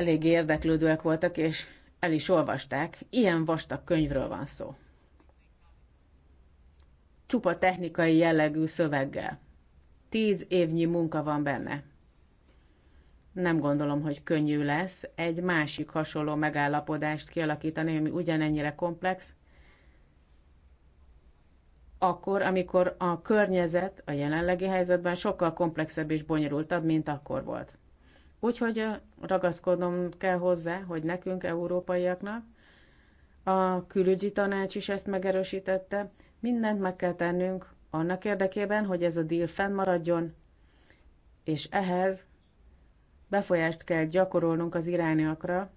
elég érdeklődőek voltak, és el is olvasták. Ilyen vastag könyvről van szó. Csupa technikai jellegű szöveggel. Tíz évnyi munka van benne. Nem gondolom, hogy könnyű lesz egy másik hasonló megállapodást kialakítani, ami ugyanennyire komplex, akkor, amikor a környezet a jelenlegi helyzetben sokkal komplexebb és bonyolultabb, mint akkor volt. Úgyhogy ragaszkodnom kell hozzá, hogy nekünk, európaiaknak, a külügyi tanács is ezt megerősítette, mindent meg kell tennünk annak érdekében, hogy ez a díl fennmaradjon, és ehhez befolyást kell gyakorolnunk az irániakra,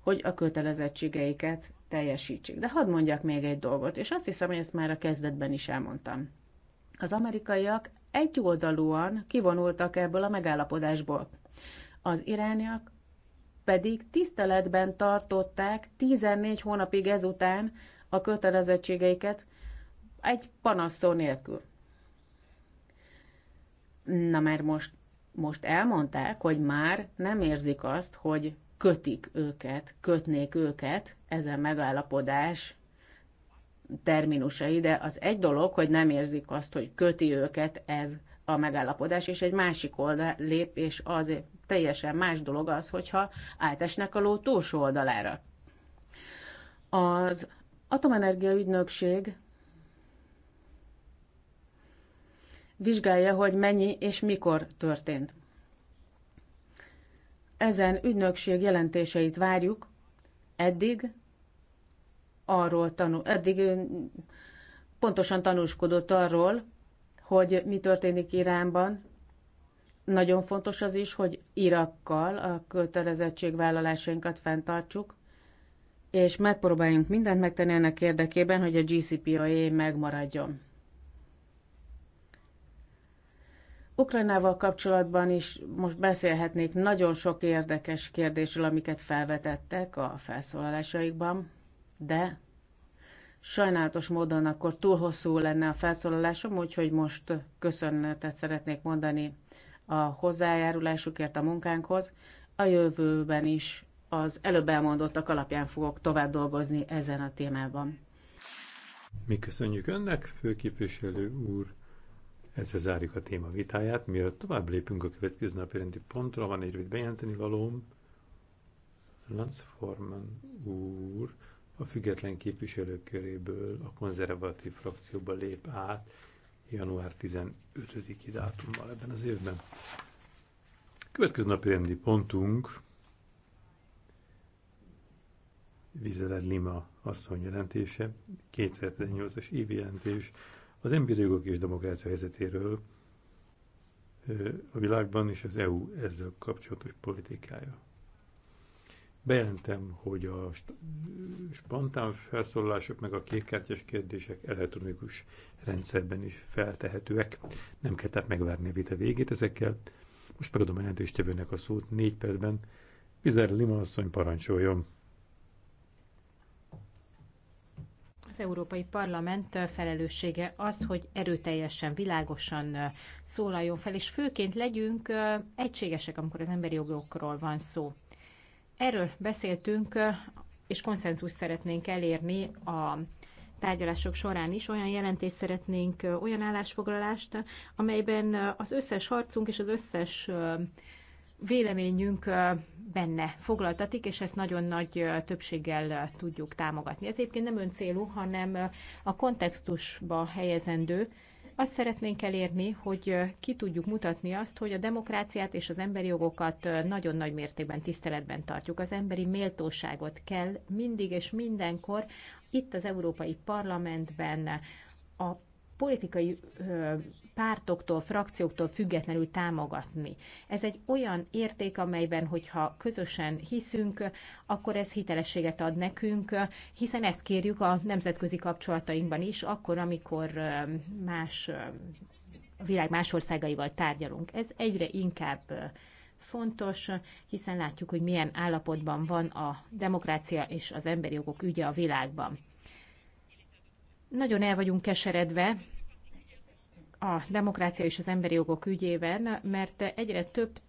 hogy a kötelezettségeiket teljesítsék. De hadd mondjak még egy dolgot, és azt hiszem, hogy ezt már a kezdetben is elmondtam. Az amerikaiak egyoldalúan kivonultak ebből a megállapodásból. Az irániak pedig tiszteletben tartották 14 hónapig ezután a kötelezettségeiket egy panaszszó nélkül. Na mert most, most elmondták, hogy már nem érzik azt, hogy kötik őket, kötnék őket ezen megállapodás terminusai, de az egy dolog, hogy nem érzik azt, hogy köti őket ez a megállapodás, és egy másik oldal lép, és az teljesen más dolog az, hogyha átesnek a ló túlsó oldalára. Az Atomenergia Ügynökség vizsgálja, hogy mennyi és mikor történt. Ezen ügynökség jelentéseit várjuk, eddig arról tanul, eddig pontosan tanúskodott arról, hogy mi történik Iránban. Nagyon fontos az is, hogy Irakkal a kötelezettségvállalásainkat fenntartsuk, és megpróbáljunk mindent megtenni ennek érdekében, hogy a GCPOA megmaradjon. Ukrajnával kapcsolatban is most beszélhetnék nagyon sok érdekes kérdésről, amiket felvetettek a felszólalásaikban, de Sajnálatos módon akkor túl hosszú lenne a felszólalásom, úgyhogy most köszönetet szeretnék mondani a hozzájárulásukért a munkánkhoz. A jövőben is az előbb elmondottak alapján fogok tovább dolgozni ezen a témában. Mi köszönjük önnek, főképviselő úr. Ezzel zárjuk a téma vitáját. Mielőtt tovább lépünk a következő napi rendi pontra, van egy rövid bejelenteni valóm. Lance Forman úr a független képviselők köréből a konzervatív frakcióba lép át január 15-i dátummal ebben az évben. Következő napi rendi pontunk Vizeled Lima asszony jelentése, 2018-as évi jelentés az emberi jogok és demokrácia helyzetéről a világban és az EU ezzel kapcsolatos politikája. Bejelentem, hogy a spontán felszólalások meg a kékkártyás kérdések elektronikus rendszerben is feltehetőek. Nem kell tehát megvárni a vita végét ezekkel. Most megadom a jelentéstevőnek a szót négy percben. Vizer Lima asszony parancsoljon. Az Európai Parlament felelőssége az, hogy erőteljesen, világosan szólaljon fel, és főként legyünk egységesek, amikor az emberi jogokról van szó. Erről beszéltünk, és konszenzus szeretnénk elérni a tárgyalások során is olyan jelentést szeretnénk, olyan állásfoglalást, amelyben az összes harcunk és az összes véleményünk benne foglaltatik, és ezt nagyon nagy többséggel tudjuk támogatni. Ez egyébként nem öncélú, hanem a kontextusba helyezendő, azt szeretnénk elérni, hogy ki tudjuk mutatni azt, hogy a demokráciát és az emberi jogokat nagyon nagy mértékben tiszteletben tartjuk. Az emberi méltóságot kell mindig és mindenkor itt az Európai Parlamentben a politikai pártoktól, frakcióktól függetlenül támogatni. Ez egy olyan érték, amelyben, hogyha közösen hiszünk, akkor ez hitelességet ad nekünk, hiszen ezt kérjük a nemzetközi kapcsolatainkban is, akkor, amikor más a világ más országaival tárgyalunk. Ez egyre inkább fontos, hiszen látjuk, hogy milyen állapotban van a demokrácia és az emberi jogok ügye a világban. Nagyon el vagyunk keseredve a demokrácia és az emberi jogok ügyében, mert egyre több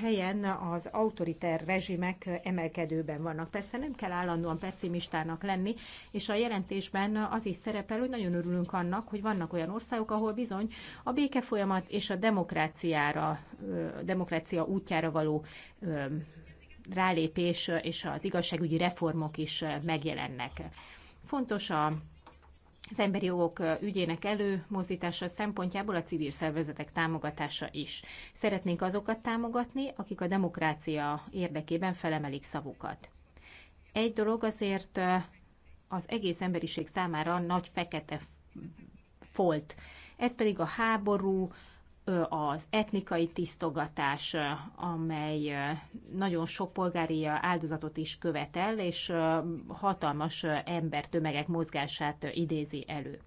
helyen az autoriter rezsimek emelkedőben vannak. Persze nem kell állandóan pessimistának lenni, és a jelentésben az is szerepel, hogy nagyon örülünk annak, hogy vannak olyan országok, ahol bizony a béke folyamat és a demokráciára, a demokrácia útjára való rálépés és az igazságügyi reformok is megjelennek. Fontos a az emberi jogok ügyének előmozdítása szempontjából a civil szervezetek támogatása is. Szeretnénk azokat támogatni, akik a demokrácia érdekében felemelik szavukat. Egy dolog azért az egész emberiség számára nagy fekete folt. Ez pedig a háború, az etnikai tisztogatás, amely nagyon sok polgári áldozatot is követel, és hatalmas embertömegek mozgását idézi elő.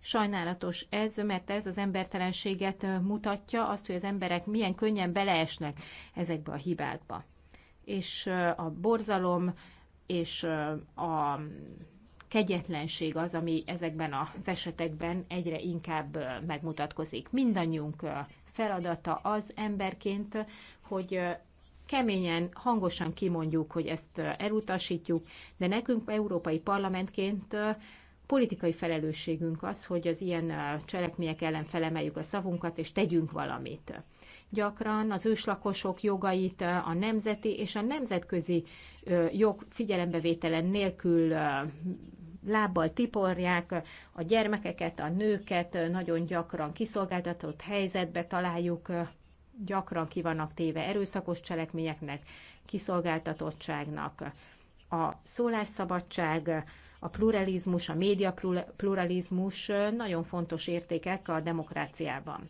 Sajnálatos ez, mert ez az embertelenséget mutatja, azt, hogy az emberek milyen könnyen beleesnek ezekbe a hibákba. És a borzalom és a kegyetlenség az, ami ezekben az esetekben egyre inkább megmutatkozik. Mindannyiunk feladata az emberként, hogy keményen, hangosan kimondjuk, hogy ezt elutasítjuk, de nekünk európai parlamentként politikai felelősségünk az, hogy az ilyen cselekmények ellen felemeljük a szavunkat, és tegyünk valamit. Gyakran az őslakosok jogait a nemzeti és a nemzetközi jog figyelembevételen nélkül lábbal tiporják a gyermekeket, a nőket, nagyon gyakran kiszolgáltatott helyzetbe találjuk, gyakran ki vannak téve erőszakos cselekményeknek, kiszolgáltatottságnak. A szólásszabadság, a pluralizmus, a média pluralizmus nagyon fontos értékek a demokráciában.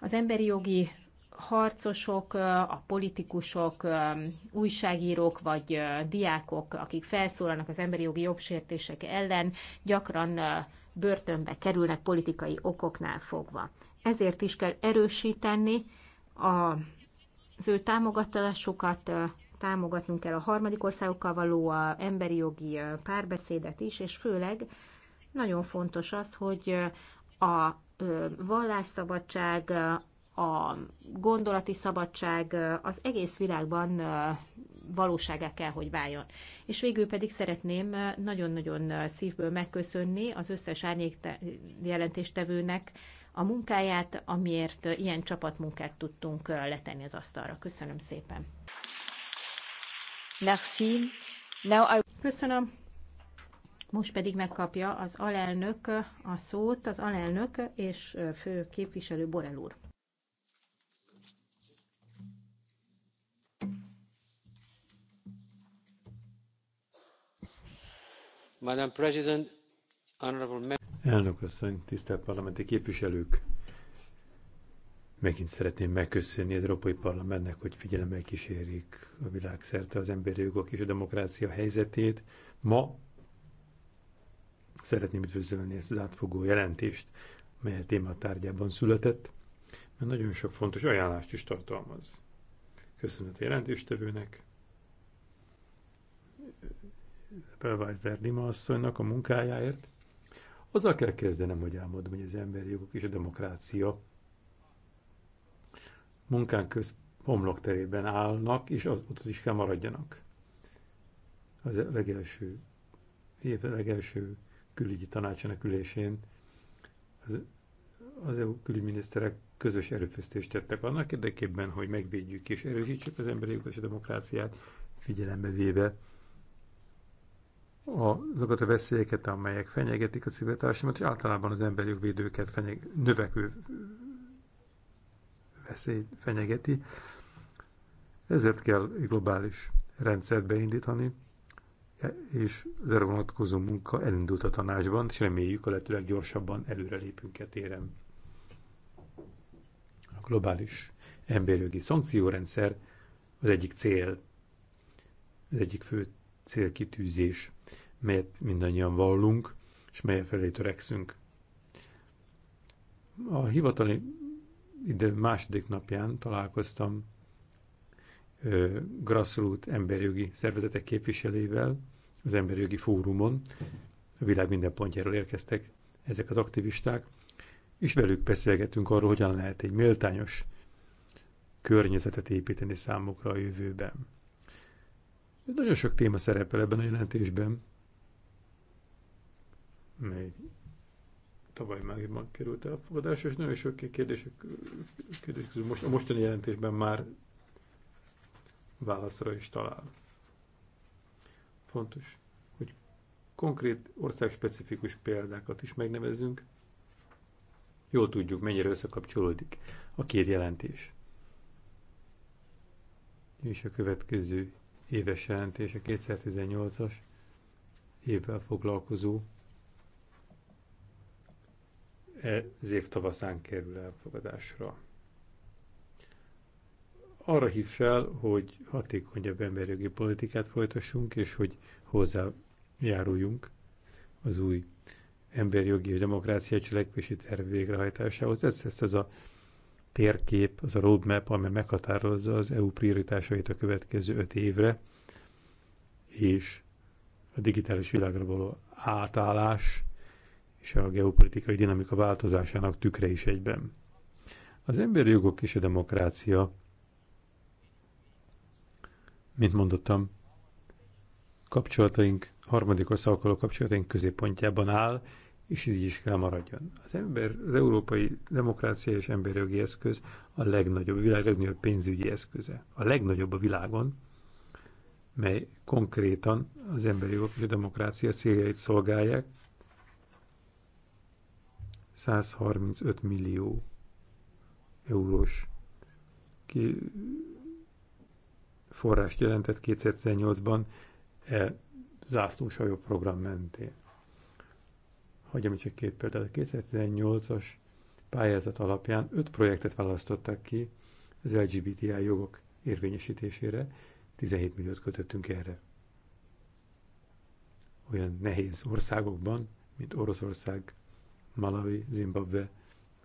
Az emberi jogi harcosok, a politikusok, újságírók vagy diákok, akik felszólalnak az emberi jogi jogsértések ellen, gyakran börtönbe kerülnek politikai okoknál fogva. Ezért is kell erősíteni a az ő támogatásukat, támogatnunk kell a harmadik országokkal való a emberi jogi párbeszédet is, és főleg nagyon fontos az, hogy a vallásszabadság, a gondolati szabadság az egész világban valóságá kell, hogy váljon. És végül pedig szeretném nagyon-nagyon szívből megköszönni az összes árnyék jelentéstevőnek a munkáját, amiért ilyen csapatmunkát tudtunk letenni az asztalra. Köszönöm szépen. Merci. Now I... Köszönöm. Most pedig megkapja az alelnök a szót, az alelnök és fő képviselő Borel úr. Elnök asszony, tisztelt parlamenti képviselők! Megint szeretném megköszönni az Európai Parlamentnek, hogy figyelemmel kísérik a világszerte az emberi jogok és a demokrácia helyzetét. Ma szeretném üdvözölni ezt az átfogó jelentést, mely a tématárgyában született, mert nagyon sok fontos ajánlást is tartalmaz. Köszönet a jelentéstevőnek, Pelvájzder Dima asszonynak a munkájáért. Azzal kell kezdenem, hogy elmondom, hogy az emberi jogok és a demokrácia munkánk köz homlokterében állnak, és az, ott is kell maradjanak. Az legelső év legelső külügyi tanácsának ülésén az, az EU külügyminiszterek közös erőfeszítést tettek annak érdekében, hogy megvédjük és erősítsük az emberi jogokat és a demokráciát, figyelembe véve azokat a veszélyeket, amelyek fenyegetik a civil társadalmat, és általában az emberi jogvédőket fenyeg, növekvő veszély fenyegeti. Ezért kell egy globális rendszert beindítani, és az erre vonatkozó munka elindult a tanácsban, és reméljük a lehetőleg gyorsabban előrelépünk a e téren. A globális emberjogi szankciórendszer az egyik cél, az egyik fő célkitűzés melyet mindannyian vallunk, és mely felé törekszünk. A hivatali idő második napján találkoztam ö, grassroot emberjogi szervezetek képviselével az emberjogi fórumon. A világ minden pontjáról érkeztek ezek az aktivisták, és velük beszélgetünk arról, hogyan lehet egy méltányos környezetet építeni számukra a jövőben. Nagyon sok téma szerepel ebben a jelentésben, mely tavaly májusban került elfogadásra, és nagyon sok kérdések, kérdések közül most, a mostani jelentésben már válaszra is talál. Fontos, hogy konkrét országspecifikus példákat is megnevezzünk, jól tudjuk, mennyire összekapcsolódik a két jelentés. És a következő éves jelentés, a 2018-as évvel foglalkozó ez év tavaszán kerül elfogadásra. Arra hív fel, hogy hatékonyabb emberjogi politikát folytassunk, és hogy hozzájáruljunk az új emberjogi és demokrácia cselekvési terv végrehajtásához. Ez ez az a térkép, az a roadmap, amely meghatározza az EU prioritásait a következő öt évre, és a digitális világra való átállás és a geopolitikai dinamika változásának tükre is egyben. Az emberi jogok és a demokrácia, mint mondottam, kapcsolataink, harmadik országokkal kapcsolataink középpontjában áll, és így is kell maradjon. Az, ember, az európai demokrácia és emberi jogi eszköz a legnagyobb, a világ legnagyobb pénzügyi eszköze. A legnagyobb a világon, mely konkrétan az emberi jogok és a demokrácia céljait szolgálják, 135 millió eurós ki forrást jelentett 2018-ban e zászlóshajó program mentén. Hagyjam csak két példát. A 2018-as pályázat alapján öt projektet választottak ki az LGBTI jogok érvényesítésére, 17 milliót kötöttünk erre. Olyan nehéz országokban, mint Oroszország, Malawi, Zimbabwe,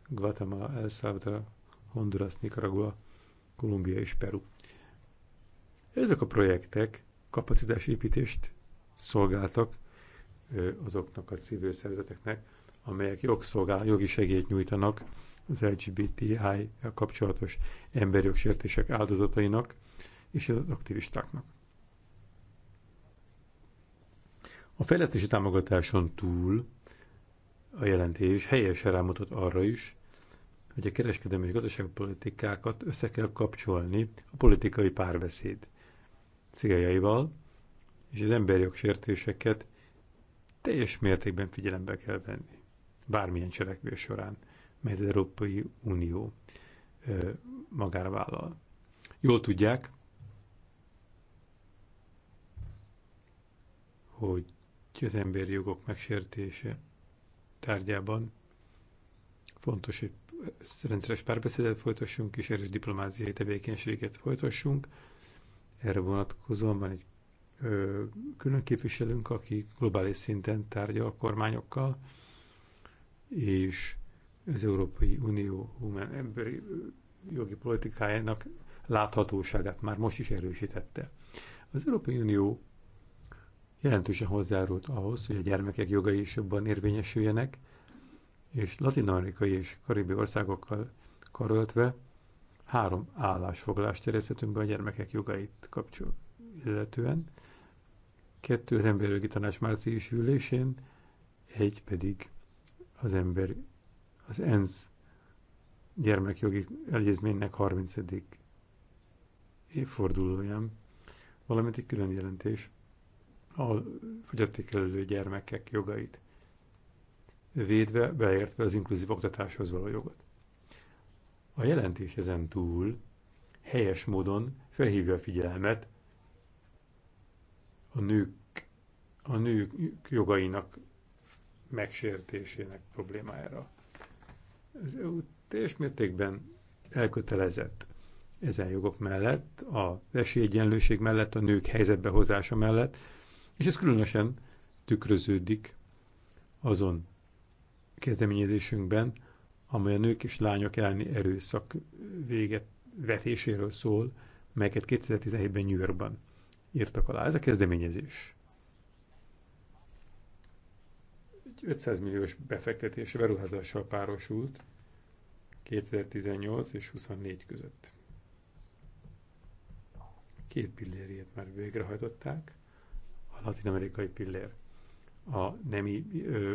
Guatemala, El Salvador, Honduras, Nicaragua, Kolumbia és Peru. Ezek a projektek kapacitásépítést szolgáltak azoknak a civil szervezeteknek, amelyek jogszolgál, jogi segélyt nyújtanak az LGBTI kapcsolatos emberi jogsértések áldozatainak és az aktivistáknak. A fejlesztési támogatáson túl a jelentés helyesen rámutat arra is, hogy a kereskedelmi és gazdaságpolitikákat össze kell kapcsolni a politikai párbeszéd céljaival, és az emberi jogsértéseket teljes mértékben figyelembe kell venni, bármilyen cselekvés során, mert az Európai Unió ö, magára vállal. Jól tudják, hogy az emberi jogok megsértése tárgyában. Fontos, hogy rendszeres párbeszédet folytassunk és erős diplomáziai tevékenységet folytassunk. Erre vonatkozóan van egy ö, külön képviselőnk, aki globális szinten tárgyal a kormányokkal, és az Európai Unió human emberi jogi politikájának láthatóságát már most is erősítette. Az Európai Unió jelentősen hozzárult ahhoz, hogy a gyermekek jogai is jobban érvényesüljenek, és latin-amerikai és karibi országokkal karöltve három állásfoglalást terjesztettünk be a gyermekek jogait kapcsolatban illetően. Kettő az emberjogi tanács március ülésén, egy pedig az ember, az ENSZ gyermekjogi egyezménynek 30. évfordulóján, valamint egy külön jelentés a fogyatékelődő gyermekek jogait, védve, beértve az inkluzív oktatáshoz való jogot. A jelentés ezen túl helyes módon felhívja a figyelmet a nők, a nők jogainak megsértésének problémájára. Az EU teljes mértékben elkötelezett ezen jogok mellett, az esélyegyenlőség mellett, a nők helyzetbe hozása mellett, és ez különösen tükröződik azon kezdeményezésünkben, amely a nők és lányok elleni erőszak véget vetéséről szól, melyeket 2017-ben New Yorkban írtak alá. Ez a kezdeményezés. Egy 500 milliós befektetés beruházással párosult 2018 és 24 között. Két pillérjét már végrehajtották, latin-amerikai pillér. A nemi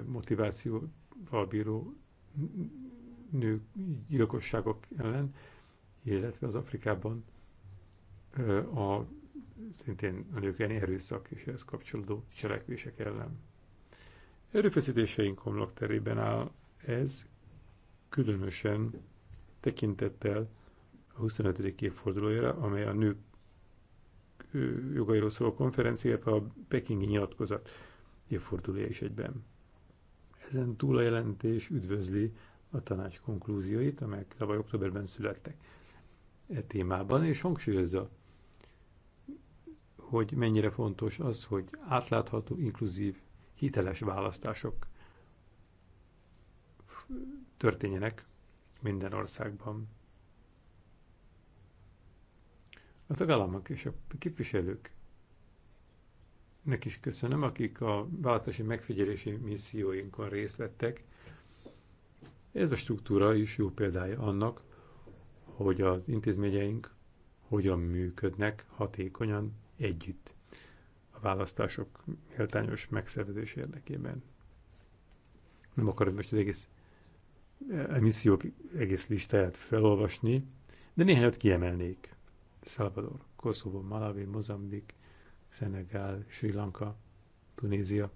motivációval bíró nők gyilkosságok ellen, illetve az Afrikában a szintén a nők elleni erőszak és ehhez kapcsolódó cselekvések ellen. Erőfeszítéseink homlok terében áll ez, különösen tekintettel a 25. évfordulójára, amely a nők jogairól szóló konferenciát, a pekingi nyilatkozat évfordulója is egyben. Ezen túl a jelentés üdvözli a tanács konklúzióit, amelyek tavaly októberben születtek e témában, és hangsúlyozza, hogy mennyire fontos az, hogy átlátható, inkluzív, hiteles választások történjenek minden országban. Hát a tagállamok és a képviselők nek is köszönöm, akik a választási megfigyelési misszióinkon részt vettek. Ez a struktúra is jó példája annak, hogy az intézményeink hogyan működnek hatékonyan együtt a választások méltányos megszervezés érdekében. Nem akarom most az egész emissziók e egész listáját felolvasni, de néhányat kiemelnék. Salvador, Koszovó, Malawi, Mozambik, Szenegál, Sri Lanka, Tunézia.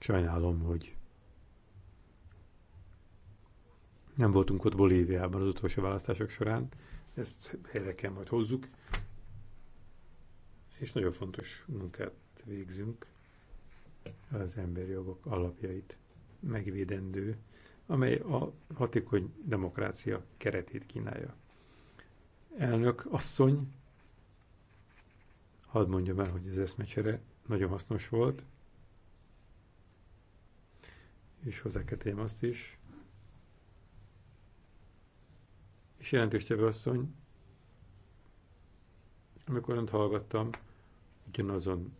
Sajnálom, hogy nem voltunk ott Bolíviában az utolsó választások során, ezt helyre kell majd hozzuk, és nagyon fontos munkát végzünk az emberi jogok alapjait megvédendő, amely a hatékony demokrácia keretét kínálja elnök asszony, hadd mondjam el, hogy az eszmecsere nagyon hasznos volt, és hozzá azt is. És jelentéstevő asszony, amikor önt hallgattam, ugyanazon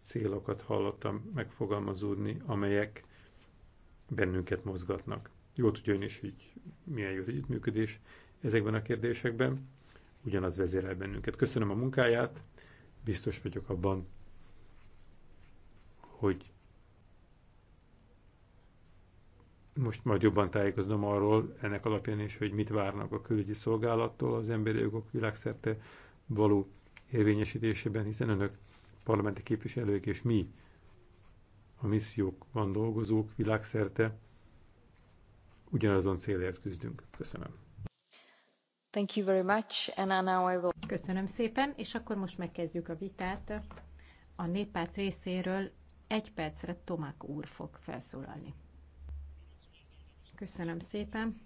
célokat hallottam megfogalmazódni, amelyek bennünket mozgatnak. Jó tudja ön is, hogy milyen jó az együttműködés ezekben a kérdésekben ugyanaz vezérel bennünket. Köszönöm a munkáját, biztos vagyok abban, hogy most majd jobban tájékozom arról, ennek alapján is, hogy mit várnak a külügyi szolgálattól az emberi jogok világszerte való érvényesítésében, hiszen önök parlamenti képviselők és mi, a missziókban dolgozók világszerte ugyanazon célért küzdünk. Köszönöm. Thank you very much, and now I will... Köszönöm szépen, és akkor most megkezdjük a vitát. A néppárt részéről egy percre Tomák úr fog felszólalni. Köszönöm szépen.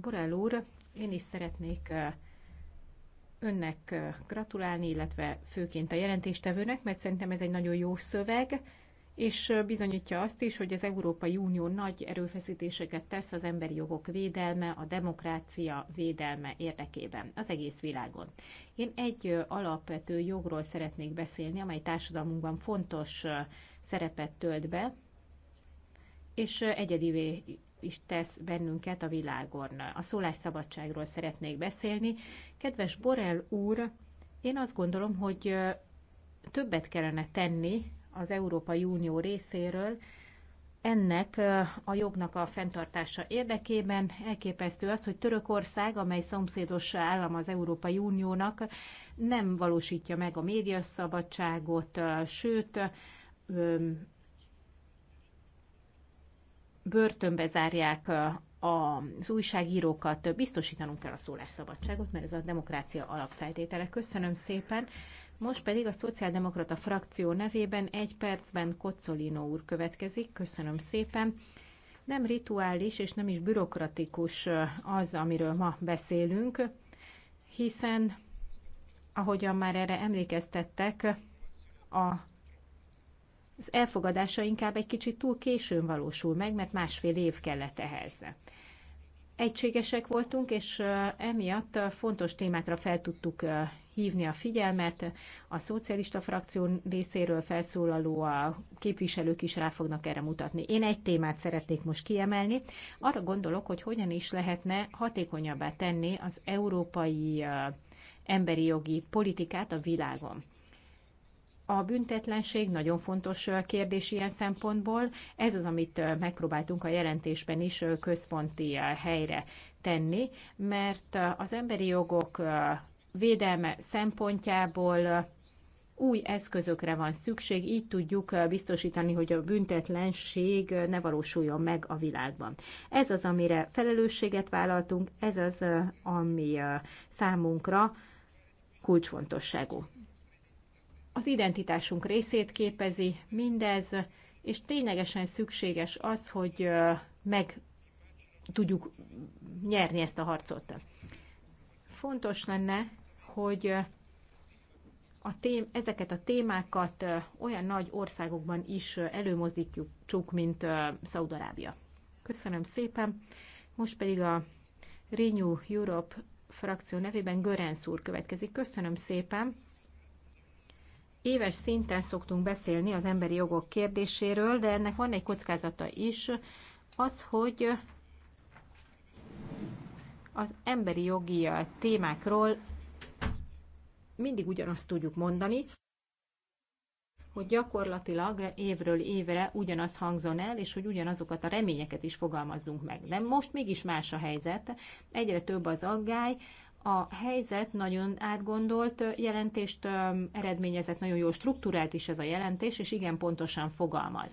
Borel úr, én is szeretnék önnek gratulálni, illetve főként a jelentéstevőnek, mert szerintem ez egy nagyon jó szöveg, és bizonyítja azt is, hogy az Európai Unió nagy erőfeszítéseket tesz az emberi jogok védelme, a demokrácia védelme érdekében az egész világon. Én egy alapvető jogról szeretnék beszélni, amely társadalmunkban fontos szerepet tölt be, és egyedivé is tesz bennünket a világon. A szólásszabadságról szeretnék beszélni. Kedves Borel úr, én azt gondolom, hogy többet kellene tenni az Európai Unió részéről, ennek a jognak a fenntartása érdekében elképesztő az, hogy Törökország, amely szomszédos állam az Európai Uniónak, nem valósítja meg a médiaszabadságot, sőt, börtönbe zárják az újságírókat, biztosítanunk kell a szólásszabadságot, mert ez a demokrácia alapfeltétele. Köszönöm szépen. Most pedig a Szociáldemokrata frakció nevében egy percben Kocolino úr következik. Köszönöm szépen. Nem rituális és nem is bürokratikus az, amiről ma beszélünk, hiszen, ahogyan már erre emlékeztettek, a az elfogadása inkább egy kicsit túl későn valósul meg, mert másfél év kellett ehhez. Egységesek voltunk, és emiatt fontos témákra fel tudtuk hívni a figyelmet. A szocialista frakció részéről felszólaló a képviselők is rá fognak erre mutatni. Én egy témát szeretnék most kiemelni. Arra gondolok, hogy hogyan is lehetne hatékonyabbá tenni az európai emberi jogi politikát a világon. A büntetlenség nagyon fontos kérdés ilyen szempontból. Ez az, amit megpróbáltunk a jelentésben is központi helyre tenni, mert az emberi jogok védelme szempontjából új eszközökre van szükség, így tudjuk biztosítani, hogy a büntetlenség ne valósuljon meg a világban. Ez az, amire felelősséget vállaltunk, ez az, ami számunkra kulcsfontosságú. Az identitásunk részét képezi mindez, és ténylegesen szükséges az, hogy meg tudjuk nyerni ezt a harcot. Fontos lenne hogy a tém, ezeket a témákat olyan nagy országokban is előmozdítjuk, csak mint Szaudarábia. Köszönöm szépen. Most pedig a Renew Europe frakció nevében Görensz úr következik. Köszönöm szépen. Éves szinten szoktunk beszélni az emberi jogok kérdéséről, de ennek van egy kockázata is, az, hogy az emberi jogi témákról mindig ugyanazt tudjuk mondani, hogy gyakorlatilag évről évre ugyanaz hangzon el, és hogy ugyanazokat a reményeket is fogalmazzunk meg. De most mégis más a helyzet, egyre több az aggály, a helyzet nagyon átgondolt jelentést eredményezett, nagyon jó struktúrált is ez a jelentés, és igen pontosan fogalmaz.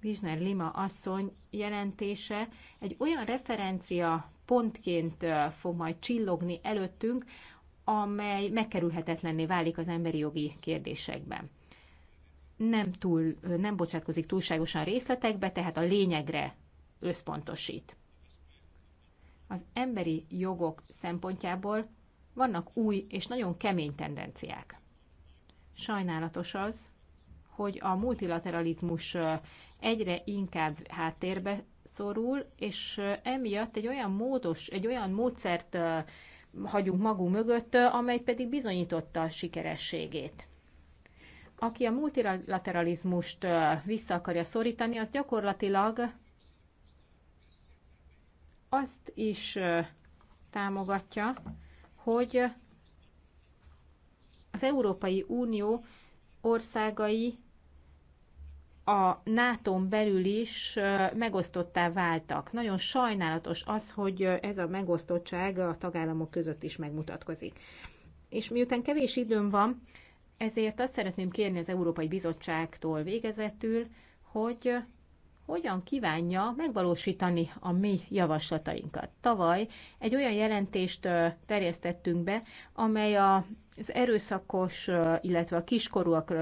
Bizner Lima asszony jelentése egy olyan referencia pontként fog majd csillogni előttünk, amely megkerülhetetlenné válik az emberi jogi kérdésekben. Nem, túl, nem bocsátkozik túlságosan részletekbe, tehát a lényegre összpontosít. Az emberi jogok szempontjából vannak új és nagyon kemény tendenciák. Sajnálatos az, hogy a multilateralizmus egyre inkább háttérbe szorul, és emiatt egy olyan módos, egy olyan módszert hagyunk magunk mögött, amely pedig bizonyította a sikerességét. Aki a multilateralizmust vissza akarja szorítani, az gyakorlatilag azt is támogatja, hogy az Európai Unió országai a nato belül is megosztottá váltak. Nagyon sajnálatos az, hogy ez a megosztottság a tagállamok között is megmutatkozik. És miután kevés időm van, ezért azt szeretném kérni az Európai Bizottságtól végezetül, hogy hogyan kívánja megvalósítani a mi javaslatainkat. Tavaly egy olyan jelentést terjesztettünk be, amely a az erőszakos, illetve a kiskorúak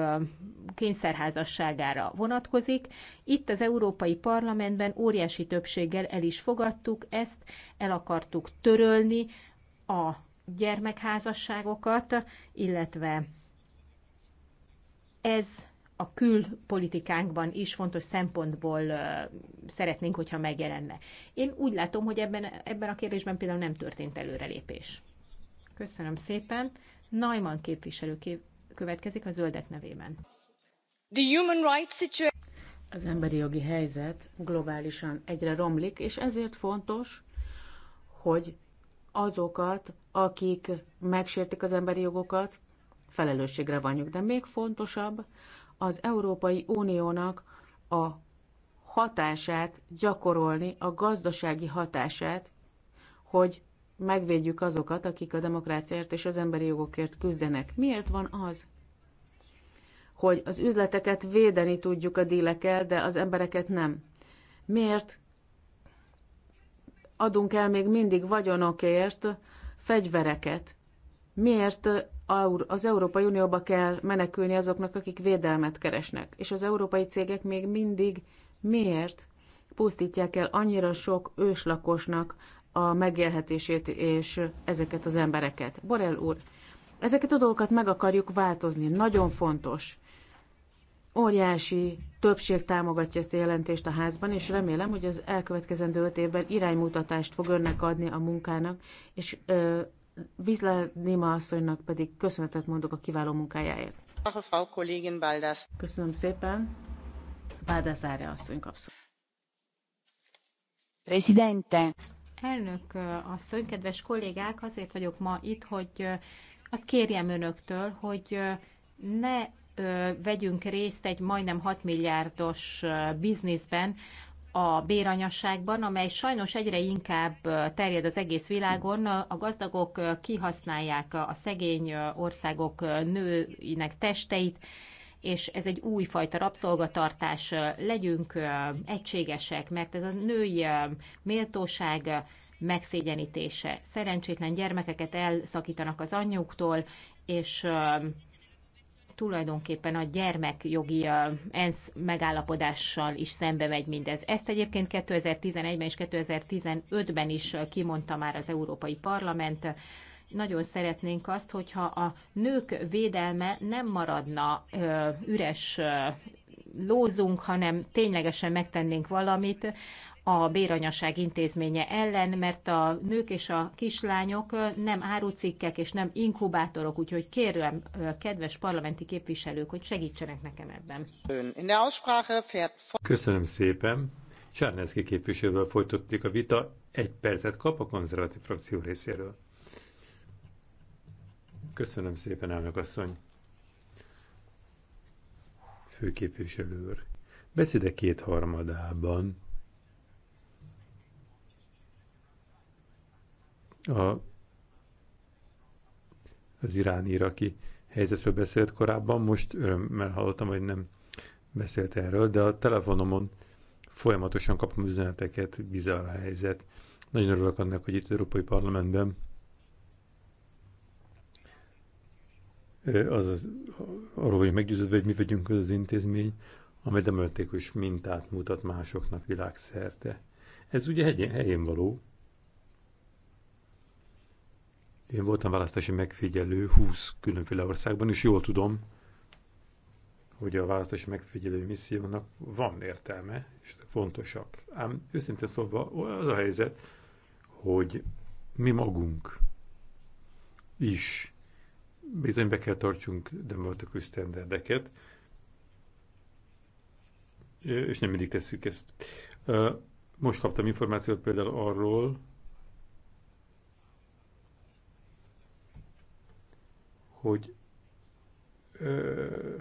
kényszerházasságára vonatkozik. Itt az Európai Parlamentben óriási többséggel el is fogadtuk ezt, el akartuk törölni a gyermekházasságokat, illetve ez a külpolitikánkban is fontos szempontból szeretnénk, hogyha megjelenne. Én úgy látom, hogy ebben, ebben a kérdésben például nem történt előrelépés. Köszönöm szépen. Neumann képviselő következik a zöldek nevében. The human rights situation... Az emberi jogi helyzet globálisan egyre romlik, és ezért fontos, hogy azokat, akik megsértik az emberi jogokat, felelősségre vanjuk. De még fontosabb az Európai Uniónak a hatását gyakorolni, a gazdasági hatását, hogy megvédjük azokat, akik a demokráciáért és az emberi jogokért küzdenek. Miért van az, hogy az üzleteket védeni tudjuk a dílekkel, de az embereket nem? Miért adunk el még mindig vagyonokért fegyvereket? Miért az Európai Unióba kell menekülni azoknak, akik védelmet keresnek? És az európai cégek még mindig miért pusztítják el annyira sok őslakosnak a megélhetését és ezeket az embereket. Borel úr, ezeket a dolgokat meg akarjuk változni, nagyon fontos. Óriási többség támogatja ezt a jelentést a házban, és remélem, hogy az elkövetkezendő öt évben iránymutatást fog önnek adni a munkának, és ö, Vizla Nima asszonynak pedig köszönetet mondok a kiváló munkájáért. Köszönöm szépen. Baldassare asszony kapszol. Presidente. Elnök asszony, kedves kollégák, azért vagyok ma itt, hogy azt kérjem önöktől, hogy ne vegyünk részt egy majdnem 6 milliárdos bizniszben, a béranyasságban, amely sajnos egyre inkább terjed az egész világon. A gazdagok kihasználják a szegény országok nőinek testeit, és ez egy újfajta rabszolgatartás, legyünk egységesek, mert ez a női méltóság megszégyenítése. Szerencsétlen gyermekeket elszakítanak az anyjuktól, és tulajdonképpen a gyermekjogi ENSZ megállapodással is szembe megy mindez. Ezt egyébként 2011-ben és 2015-ben is kimondta már az Európai Parlament, nagyon szeretnénk azt, hogyha a nők védelme nem maradna üres lózunk, hanem ténylegesen megtennénk valamit a béranyaság intézménye ellen, mert a nők és a kislányok nem árucikkek és nem inkubátorok, úgyhogy kérem, kedves parlamenti képviselők, hogy segítsenek nekem ebben. Köszönöm szépen. Sárnánszki képviselővel folytattuk a vita, egy percet kap a konzervatív frakció részéről. Köszönöm szépen, elnök asszony. Főképviselő úr. Beszéde kétharmadában a, az irán-iraki helyzetről beszélt korábban, most örömmel hallottam, hogy nem beszélt erről, de a telefonomon folyamatosan kapom üzeneteket, bizarr helyzet. Nagyon örülök annak, hogy itt az Európai Parlamentben az, az arról vagyunk meggyőződve, hogy mi vagyunk az az intézmény, amely demokratikus mintát mutat másoknak világszerte. Ez ugye helyén, helyén való. Én voltam választási megfigyelő 20 különféle országban, és jól tudom, hogy a választási megfigyelő missziónak van értelme, és fontosak. Ám őszintén szólva az a helyzet, hogy mi magunk is bizony be kell tartsunk demokratikus sztenderdeket, és nem mindig tesszük ezt. Most kaptam információt például arról, hogy ö,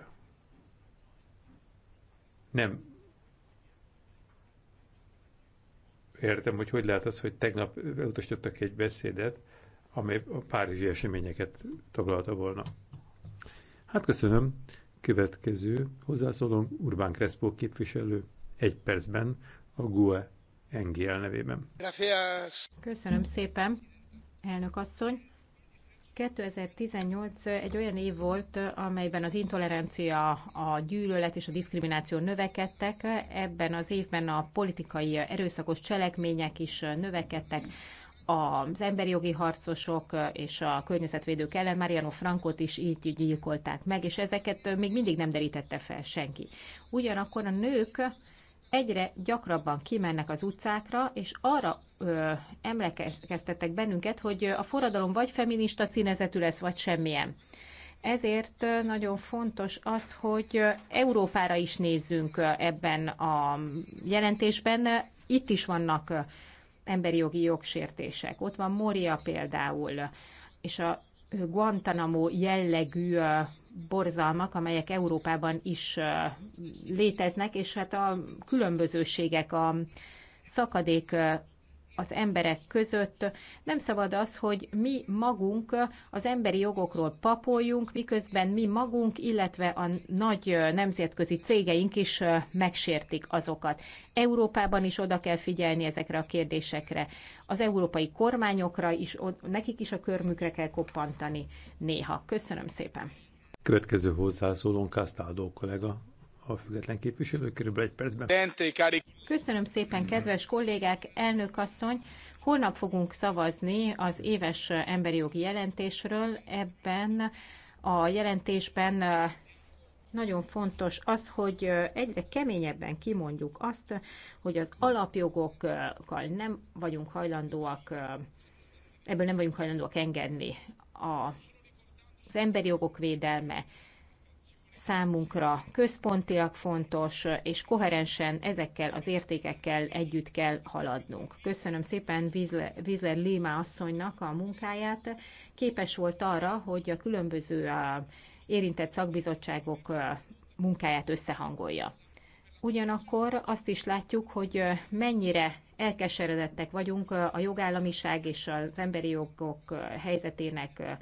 nem értem, hogy hogy lehet az, hogy tegnap elutasítottak egy beszédet, amely a párizsi eseményeket taglalta volna. Hát köszönöm. Következő hozzászólom Urbán Crespo képviselő egy percben a GUE NGL nevében. Köszönöm szépen, elnök asszony. 2018 egy olyan év volt, amelyben az intolerancia, a gyűlölet és a diszkrimináció növekedtek. Ebben az évben a politikai erőszakos cselekmények is növekedtek az emberi jogi harcosok és a környezetvédők ellen Mariano Frankot is így gyilkolták meg, és ezeket még mindig nem derítette fel senki. Ugyanakkor a nők egyre gyakrabban kimennek az utcákra, és arra ö, emlékeztettek bennünket, hogy a forradalom vagy feminista színezetű lesz, vagy semmilyen. Ezért nagyon fontos az, hogy Európára is nézzünk ebben a jelentésben. Itt is vannak emberi jogi jogsértések. Ott van Moria például, és a Guantanamo jellegű borzalmak, amelyek Európában is léteznek, és hát a különbözőségek, a szakadék az emberek között. Nem szabad az, hogy mi magunk az emberi jogokról papoljunk, miközben mi magunk, illetve a nagy nemzetközi cégeink is megsértik azokat. Európában is oda kell figyelni ezekre a kérdésekre. Az európai kormányokra is, nekik is a körmükre kell koppantani néha. Köszönöm szépen! Következő hozzászólónk Kasztádó kollega a független képviselő, körülbelül egy percben. Köszönöm szépen, kedves kollégák, elnök asszony! Holnap fogunk szavazni az éves emberi jogi jelentésről. Ebben a jelentésben nagyon fontos az, hogy egyre keményebben kimondjuk azt, hogy az alapjogokkal nem vagyunk hajlandóak, ebből nem vagyunk hajlandóak engedni. A, az emberi jogok védelme, számunkra központilag fontos, és koherensen ezekkel az értékekkel együtt kell haladnunk. Köszönöm szépen Vizler Lima asszonynak a munkáját. Képes volt arra, hogy a különböző érintett szakbizottságok munkáját összehangolja. Ugyanakkor azt is látjuk, hogy mennyire elkeseredettek vagyunk a jogállamiság és az emberi jogok helyzetének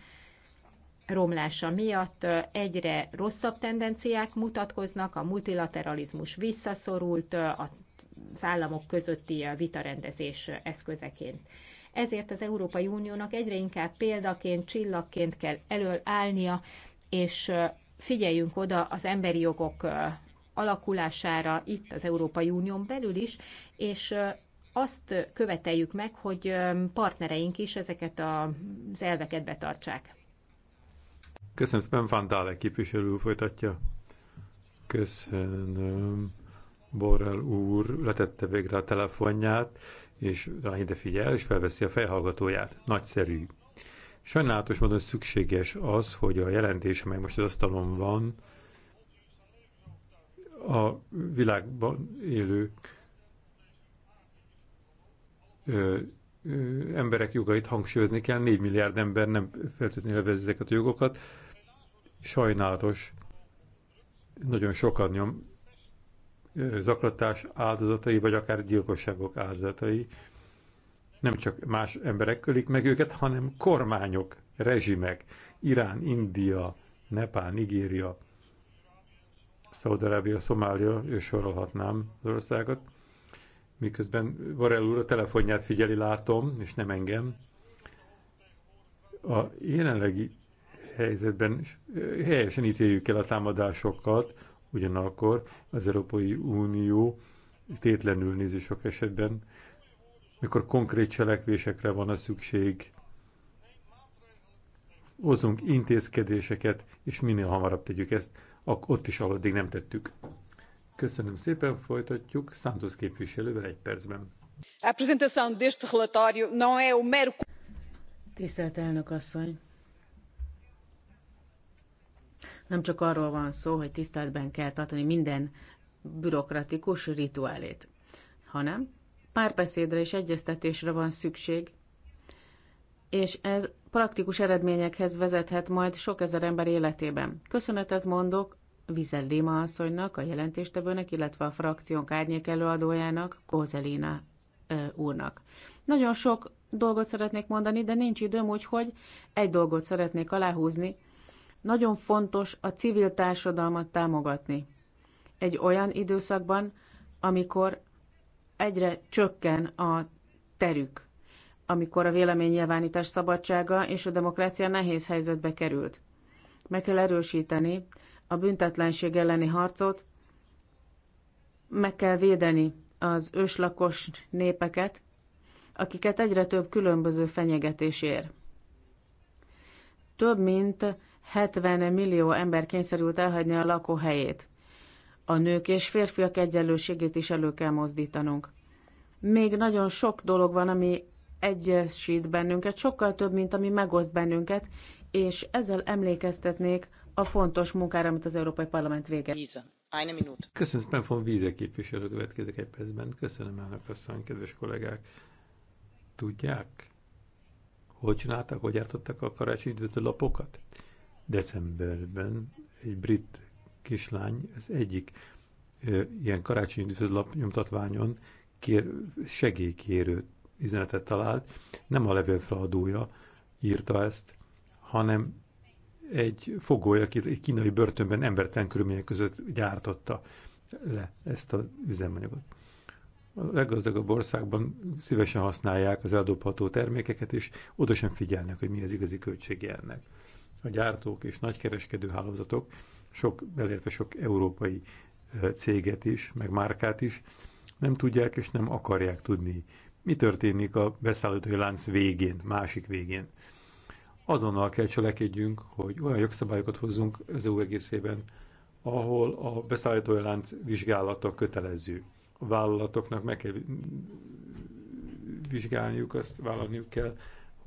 romlása miatt egyre rosszabb tendenciák mutatkoznak, a multilateralizmus visszaszorult az államok közötti vitarendezés eszközeként. Ezért az Európai Uniónak egyre inkább példaként, csillagként kell elől állnia, és figyeljünk oda az emberi jogok alakulására itt az Európai Unión belül is, és azt követeljük meg, hogy partnereink is ezeket az elveket betartsák. Köszönöm szépen, Van Dále képviselő folytatja. Köszönöm. Borrell úr letette végre a telefonját, és rá ide figyel, és felveszi a fejhallgatóját. Nagyszerű. Sajnálatos módon szükséges az, hogy a jelentés, amely most az asztalon van, a világban élő ö, ö, emberek jogait hangsúlyozni kell. 4 milliárd ember nem feltétlenül élvezi ezeket a jogokat. Sajnálatos, nagyon sokan nyom, zaklatás áldozatai, vagy akár gyilkosságok áldozatai. Nem csak más emberek kölik meg őket, hanem kormányok, rezsimek, Irán, India, Nepál, Nigéria, Szaudarábia, Szomália, és sorolhatnám az országot. Miközben Varel úr a telefonját figyeli, látom, és nem engem. A jelenlegi helyzetben helyesen ítéljük el a támadásokat, ugyanakkor az Európai Unió tétlenül nézi sok esetben, mikor konkrét cselekvésekre van a szükség, hozunk intézkedéseket, és minél hamarabb tegyük ezt, ott is, ahol addig nem tettük. Köszönöm szépen, folytatjuk Santos képviselővel egy percben. A deste relatório não é o mero... Tisztelt elnök asszony, nem csak arról van szó, hogy tiszteletben kell tartani minden bürokratikus rituálét, hanem párbeszédre és egyeztetésre van szükség, és ez praktikus eredményekhez vezethet majd sok ezer ember életében. Köszönetet mondok Vizel Lima asszonynak, a jelentéstevőnek, illetve a frakciónk árnyék előadójának, Kózelina úrnak. Nagyon sok dolgot szeretnék mondani, de nincs időm, úgyhogy egy dolgot szeretnék aláhúzni, nagyon fontos a civil társadalmat támogatni. Egy olyan időszakban, amikor egyre csökken a terük, amikor a véleménynyilvánítás szabadsága és a demokrácia nehéz helyzetbe került. Meg kell erősíteni a büntetlenség elleni harcot, meg kell védeni az őslakos népeket, akiket egyre több különböző fenyegetés ér. Több mint 70 millió ember kényszerült elhagyni a lakóhelyét. A nők és férfiak egyenlőségét is elő kell mozdítanunk. Még nagyon sok dolog van, ami egyesít bennünket, sokkal több, mint ami megoszt bennünket, és ezzel emlékeztetnék a fontos munkára, amit az Európai Parlament végez. Köszönöm szépen, von Víze képviselő következik egy percben. Köszönöm, elnök asszony, kedves kollégák. Tudják, hogy csináltak, hogy gyártottak a karácsonyi üdvözlő lapokat? Decemberben egy brit kislány az egyik ilyen karácsonyi üdvözlap nyomtatványon kér, segélykérő üzenetet talált. Nem a levélfeladója írta ezt, hanem egy fogoly, aki egy kínai börtönben embertelen körülmények között gyártotta le ezt az üzemanyagot. A leggazdagabb országban szívesen használják az eldobható termékeket, és oda sem figyelnek, hogy mi az igazi költsége ennek a gyártók és nagykereskedő hálózatok, sok, beleértve sok európai céget is, meg márkát is, nem tudják és nem akarják tudni, mi történik a beszállítói lánc végén, másik végén. Azonnal kell cselekedjünk, hogy olyan jogszabályokat hozzunk az EU egészében, ahol a beszállítói lánc vizsgálata kötelező. A vállalatoknak meg kell vizsgálniuk, azt vállalniuk kell,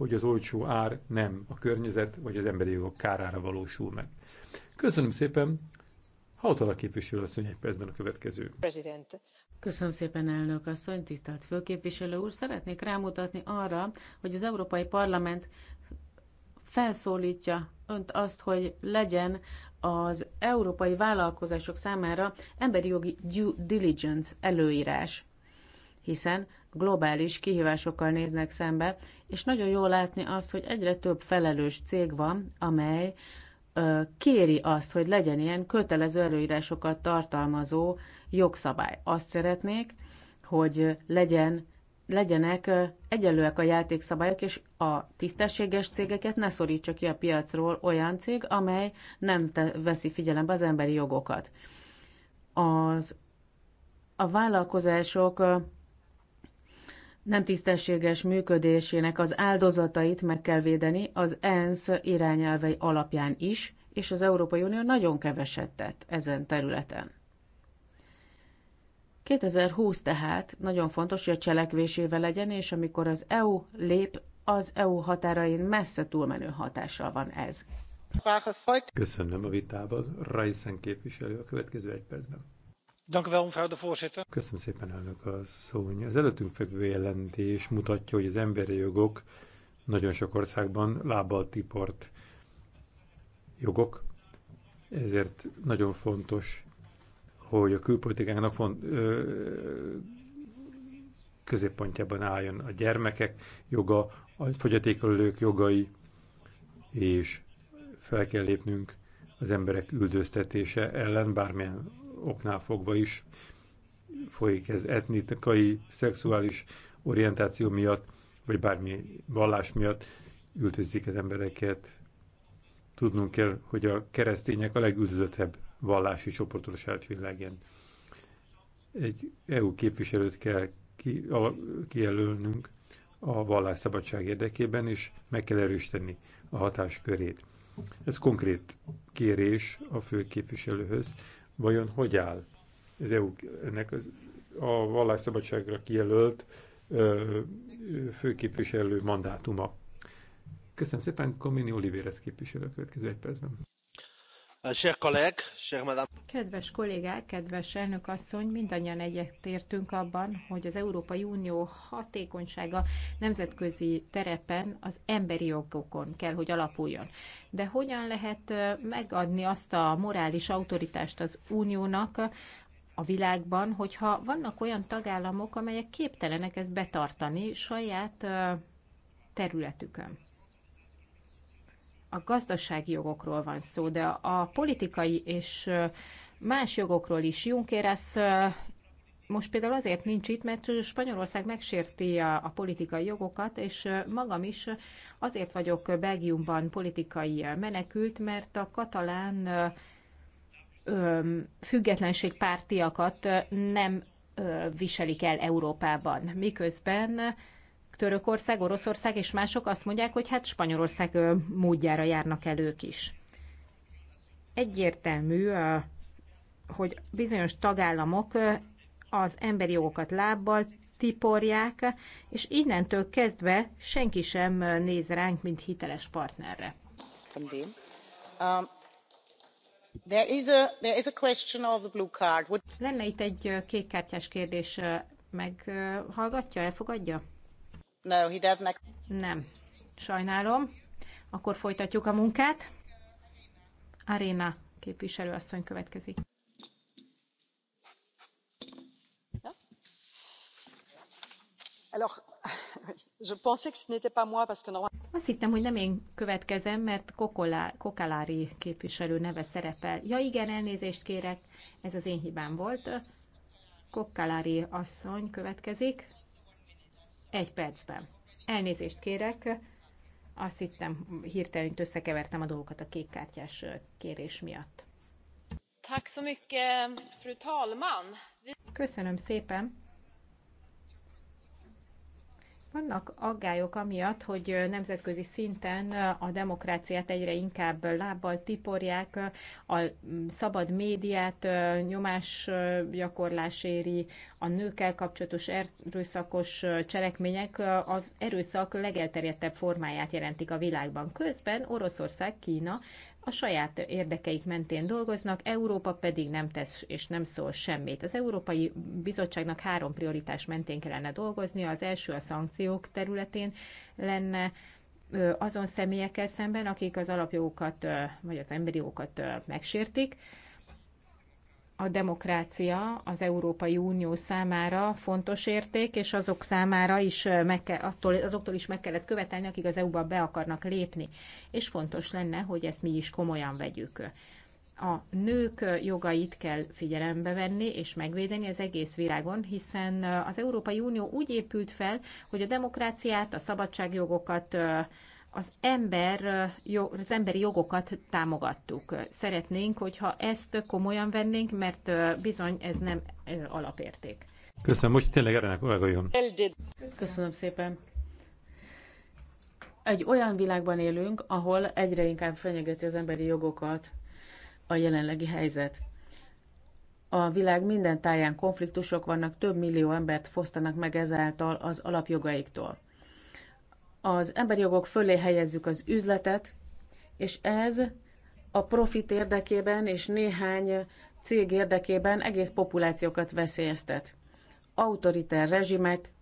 hogy az olcsó ár nem a környezet vagy az emberi jogok kárára valósul meg. Köszönöm szépen, Hautala képviselő asszony egy percben a következő. President. Köszönöm szépen, elnök asszony, tisztelt főképviselő úr. Szeretnék rámutatni arra, hogy az Európai Parlament felszólítja önt azt, hogy legyen az európai vállalkozások számára emberi jogi due diligence előírás, hiszen globális kihívásokkal néznek szembe, és nagyon jó látni azt, hogy egyre több felelős cég van, amely kéri azt, hogy legyen ilyen kötelező előírásokat tartalmazó jogszabály. Azt szeretnék, hogy legyen, legyenek egyenlőek a játékszabályok, és a tisztességes cégeket ne szorítsa ki a piacról olyan cég, amely nem veszi figyelembe az emberi jogokat. Az, a vállalkozások nem tisztességes működésének az áldozatait meg kell védeni az ENSZ irányelvei alapján is, és az Európai Unió nagyon keveset tett ezen területen. 2020 tehát nagyon fontos, hogy a cselekvésével legyen, és amikor az EU lép, az EU határain messze túlmenő hatással van ez. Köszönöm a vitában. Rajszen képviselő a következő egy percben. Köszönöm szépen, elnök asszony. Az előttünk fekvő jelentés mutatja, hogy az emberi jogok nagyon sok országban lábbal tiport jogok, ezért nagyon fontos, hogy a külpolitikának font, ö, középpontjában álljon a gyermekek joga, a fogyatékolók jogai, és fel kell lépnünk az emberek üldöztetése ellen, bármilyen oknál fogva is folyik ez etnikai, szexuális orientáció miatt, vagy bármi vallás miatt ültözik az embereket. Tudnunk kell, hogy a keresztények a legüldözöttebb vallási a saját világén. Egy EU képviselőt kell ki, a, kijelölnünk a vallásszabadság érdekében, és meg kell erősíteni a hatáskörét. Ez konkrét kérés a fő képviselőhöz, vajon hogy áll az EU ennek az, a vallásszabadságra kijelölt ö, főképviselő mandátuma. Köszönöm szépen, Komini Olivérez képviselő következő egy percben. Kedves kollégák, kedves elnök asszony, mindannyian egyetértünk abban, hogy az Európai Unió hatékonysága nemzetközi terepen az emberi jogokon kell, hogy alapuljon. De hogyan lehet megadni azt a morális autoritást az uniónak, a világban, hogyha vannak olyan tagállamok, amelyek képtelenek ezt betartani saját területükön a gazdasági jogokról van szó, de a politikai és más jogokról is. Juncker ezt most például azért nincs itt, mert Spanyolország megsérti a politikai jogokat, és magam is azért vagyok Belgiumban politikai menekült, mert a katalán függetlenségpártiakat nem viselik el Európában, miközben Törökország, Oroszország és mások azt mondják, hogy hát Spanyolország módjára járnak el ők is. Egyértelmű, hogy bizonyos tagállamok az emberi jogokat lábbal tiporják, és innentől kezdve senki sem néz ránk, mint hiteles partnerre. Lenne itt egy kékkártyás kérdés, meghallgatja, elfogadja? No, he doesn't. Nem. Sajnálom. Akkor folytatjuk a munkát. Aréna asszony következik. Azt hittem, hogy nem én következem, mert Kokolá, Kokalári képviselő neve szerepel. Ja igen, elnézést kérek, ez az én hibám volt. Kokalári asszony következik. Egy percben. Elnézést kérek, azt hittem, hirtelen összekevertem a dolgokat a kékkártyás kérés miatt. Köszönöm szépen. Vannak aggályok amiatt, hogy nemzetközi szinten a demokráciát egyre inkább lábbal tiporják, a szabad médiát nyomás gyakorlás éri, a nőkkel kapcsolatos erőszakos cselekmények az erőszak legelterjedtebb formáját jelentik a világban. Közben Oroszország, Kína a saját érdekeik mentén dolgoznak, Európa pedig nem tesz és nem szól semmit. Az Európai Bizottságnak három prioritás mentén kellene dolgozni: az első a szankciók területén lenne, azon személyekkel szemben, akik az alapjogokat vagy az emberi jogokat megsértik a demokrácia az Európai Unió számára fontos érték, és azok számára is meg kell, attól, azoktól is meg kellett követelni, akik az EU-ba be akarnak lépni. És fontos lenne, hogy ezt mi is komolyan vegyük. A nők jogait kell figyelembe venni és megvédeni az egész világon, hiszen az Európai Unió úgy épült fel, hogy a demokráciát, a szabadságjogokat, az, ember, az emberi jogokat támogattuk. Szeretnénk, hogyha ezt komolyan vennénk, mert bizony ez nem alapérték. Köszönöm, most tényleg erre Köszönöm. Köszönöm szépen. Egy olyan világban élünk, ahol egyre inkább fenyegeti az emberi jogokat a jelenlegi helyzet. A világ minden táján konfliktusok vannak, több millió embert fosztanak meg ezáltal az alapjogaiktól az emberi jogok fölé helyezzük az üzletet, és ez a profit érdekében és néhány cég érdekében egész populációkat veszélyeztet. Autoriter rezsimek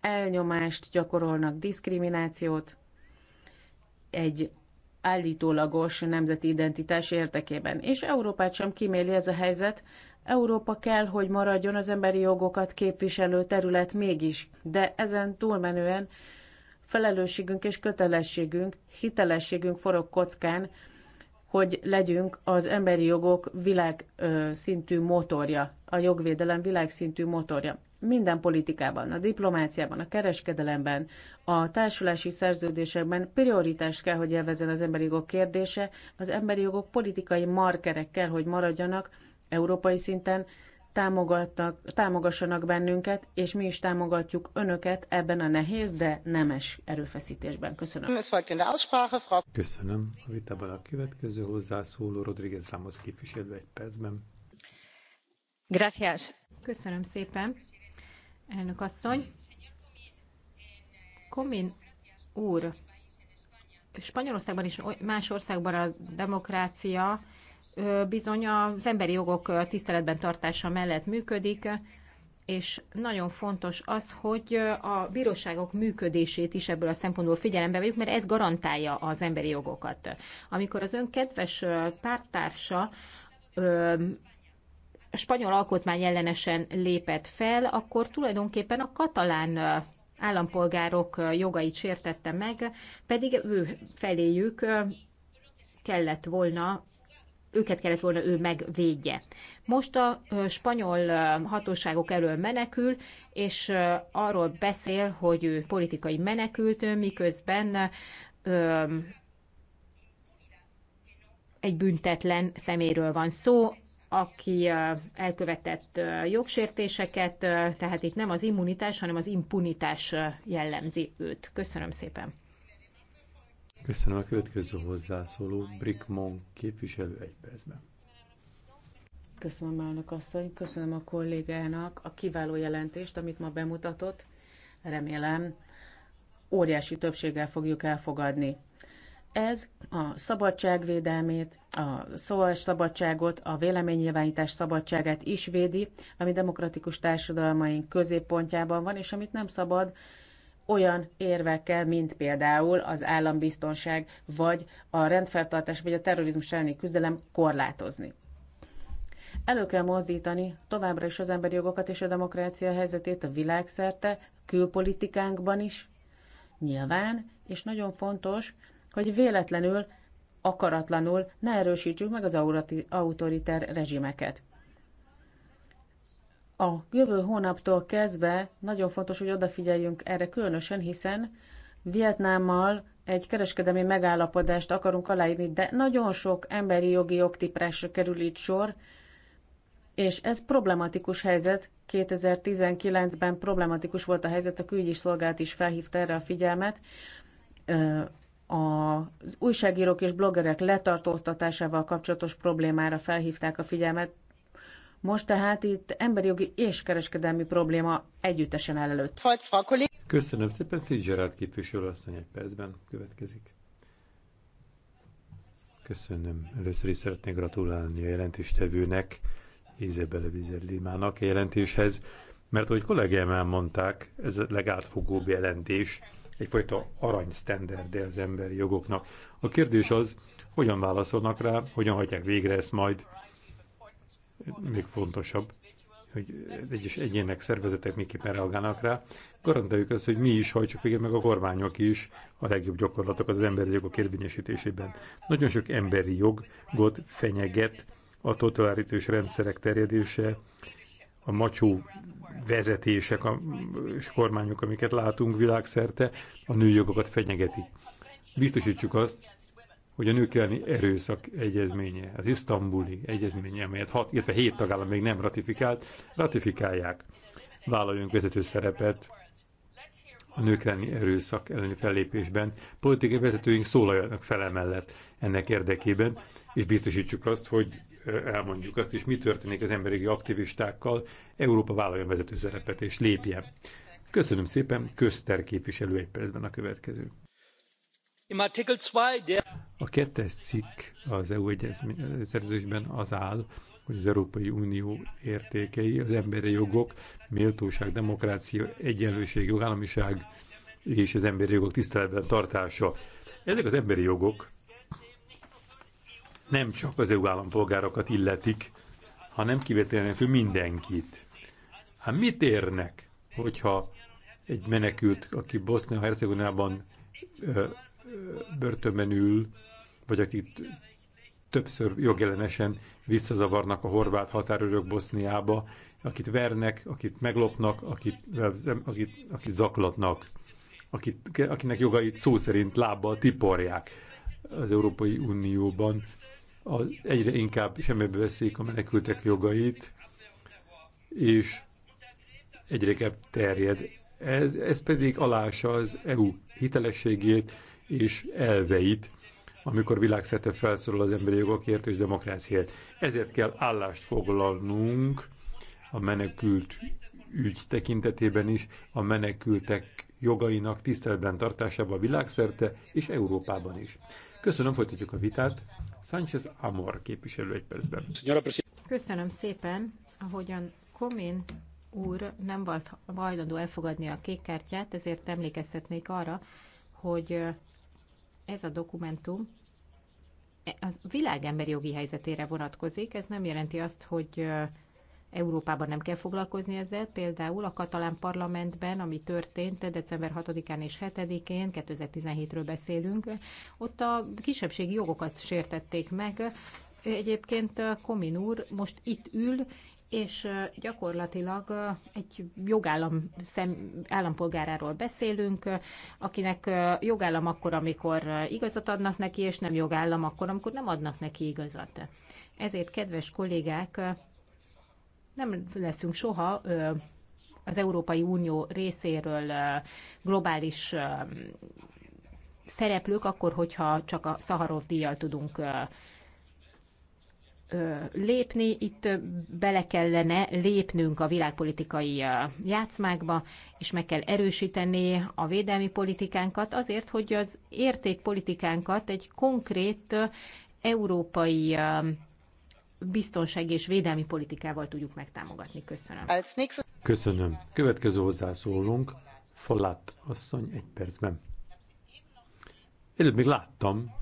elnyomást gyakorolnak, diszkriminációt egy állítólagos nemzeti identitás érdekében. És Európát sem kiméli ez a helyzet. Európa kell, hogy maradjon az emberi jogokat képviselő terület mégis, de ezen túlmenően Felelősségünk és kötelességünk, hitelességünk forog kockán, hogy legyünk az emberi jogok világszintű motorja, a jogvédelem világszintű motorja. Minden politikában, a diplomáciában, a kereskedelemben, a társulási szerződésekben prioritást kell, hogy élvezzen az emberi jogok kérdése, az emberi jogok politikai markerek kell, hogy maradjanak európai szinten, támogatnak, támogassanak bennünket, és mi is támogatjuk önöket ebben a nehéz, de nemes erőfeszítésben. Köszönöm. Köszönöm. A vitában a következő hozzászóló Rodríguez Ramos képviselő egy percben. Gracias. Köszönöm szépen, elnök asszony. Komin úr, Spanyolországban és más országban a demokrácia bizony az emberi jogok tiszteletben tartása mellett működik, és nagyon fontos az, hogy a bíróságok működését is ebből a szempontból figyelembe vegyük, mert ez garantálja az emberi jogokat. Amikor az ön kedves pártársa spanyol alkotmány ellenesen lépett fel, akkor tulajdonképpen a katalán állampolgárok jogait sértette meg, pedig ő feléjük kellett volna őket kellett volna ő megvédje. Most a spanyol hatóságok elől menekül, és arról beszél, hogy ő politikai menekült, miközben egy büntetlen szeméről van szó, aki elkövetett jogsértéseket, tehát itt nem az immunitás, hanem az impunitás jellemzi őt. Köszönöm szépen! Köszönöm a következő hozzászóló, Brickmon képviselő egy percben. Köszönöm, elnök asszony, köszönöm a kollégának a kiváló jelentést, amit ma bemutatott. Remélem, óriási többséggel fogjuk elfogadni. Ez a szabadságvédelmét, a szólás szabadságot, a véleménynyilvánítás szabadságát is védi, ami demokratikus társadalmaink középpontjában van, és amit nem szabad olyan érvekkel, mint például az állambiztonság, vagy a rendfertartás, vagy a terrorizmus elleni küzdelem korlátozni. Elő kell mozdítani továbbra is az emberi jogokat és a demokrácia helyzetét a világszerte, külpolitikánkban is, nyilván, és nagyon fontos, hogy véletlenül, akaratlanul ne erősítsük meg az autoriter rezsimeket. A jövő hónaptól kezdve nagyon fontos, hogy odafigyeljünk erre különösen, hiszen Vietnámmal egy kereskedelmi megállapodást akarunk aláírni, de nagyon sok emberi jogi jogtiprásra kerül itt sor, és ez problematikus helyzet. 2019-ben problematikus volt a helyzet, a külügyi szolgált is felhívta erre a figyelmet. Az újságírók és bloggerek letartóztatásával kapcsolatos problémára felhívták a figyelmet, most tehát itt emberi jogi és kereskedelmi probléma együttesen áll előtt. Köszönöm szépen, Fitzgerald képviselő asszony egy percben következik. Köszönöm. Először is szeretnék gratulálni a jelentéstevőnek, Izebele Vizellimának a jelentéshez, mert ahogy kollégáim elmondták, ez a legátfogóbb jelentés, egyfajta aranysztenderdje az emberi jogoknak. A kérdés az, hogyan válaszolnak rá, hogyan hagyják végre ezt majd még fontosabb, hogy egyes egyének szervezetek miképpen reagálnak rá. Garantáljuk azt, hogy mi is hajtsuk végre, meg a kormányok is a legjobb gyakorlatok az emberi jogok érvényesítésében. Nagyon sok emberi jogot fenyeget a totalitárius rendszerek terjedése, a macsó vezetések a, és kormányok, amiket látunk világszerte, a nőjogokat fenyegeti. Biztosítsuk azt, hogy a nők elleni erőszak egyezménye, az isztambuli egyezménye, amelyet hat, illetve hét tagállam még nem ratifikált, ratifikálják. Vállaljunk vezető szerepet a nők elleni erőszak elleni fellépésben. Politikai vezetőink szólaljanak fele mellett ennek érdekében, és biztosítsuk azt, hogy elmondjuk azt is, mi történik az emberi aktivistákkal, Európa vállaljon vezető szerepet és lépjen. Köszönöm szépen, közterképviselő egy percben a következő. A kettes cikk az EU egyezmény szerződésben az áll, hogy az Európai Unió értékei, az emberi jogok, méltóság, demokrácia, egyenlőség, jogállamiság és az emberi jogok tiszteletben tartása. Ezek az emberi jogok nem csak az EU állampolgárokat illetik, hanem kivételenül fő mindenkit. Hát mit érnek, hogyha egy menekült, aki Bosznia-Hercegovinában börtönben ül, vagy akit többször jogellenesen visszazavarnak a horvát határőrök Boszniába, akit vernek, akit meglopnak, akit, akit, akit zaklatnak, akit, akinek jogait szó szerint lábbal tiporják az Európai Unióban. A, egyre inkább semmibe veszik a menekültek jogait, és egyre inkább terjed. Ez, ez pedig alása az EU hitelességét, és elveit, amikor világszerte felszólal az emberi jogokért és demokráciáért. Ezért kell állást foglalnunk a menekült ügy tekintetében is, a menekültek jogainak tiszteletben tartásában világszerte és Európában is. Köszönöm, folytatjuk a vitát. Sánchez Amor képviselő egy percben. Köszönöm szépen, ahogyan Komin úr nem volt hajlandó elfogadni a kék kártyát, ezért emlékeztetnék arra, hogy ez a dokumentum e, a világemberi jogi helyzetére vonatkozik. Ez nem jelenti azt, hogy Európában nem kell foglalkozni ezzel. Például a katalán parlamentben, ami történt december 6-án és 7-én, 2017-ről beszélünk, ott a kisebbségi jogokat sértették meg. Egyébként Komin úr most itt ül, és gyakorlatilag egy jogállam szem, állampolgáráról beszélünk, akinek jogállam akkor, amikor igazat adnak neki, és nem jogállam akkor, amikor nem adnak neki igazat. Ezért, kedves kollégák, nem leszünk soha az Európai Unió részéről globális szereplők, akkor, hogyha csak a Szaharov díjjal tudunk lépni, itt bele kellene lépnünk a világpolitikai játszmákba, és meg kell erősíteni a védelmi politikánkat azért, hogy az értékpolitikánkat egy konkrét európai biztonsági és védelmi politikával tudjuk megtámogatni. Köszönöm. Köszönöm. Következő hozzászólunk, Falat asszony egy percben. Előbb még láttam,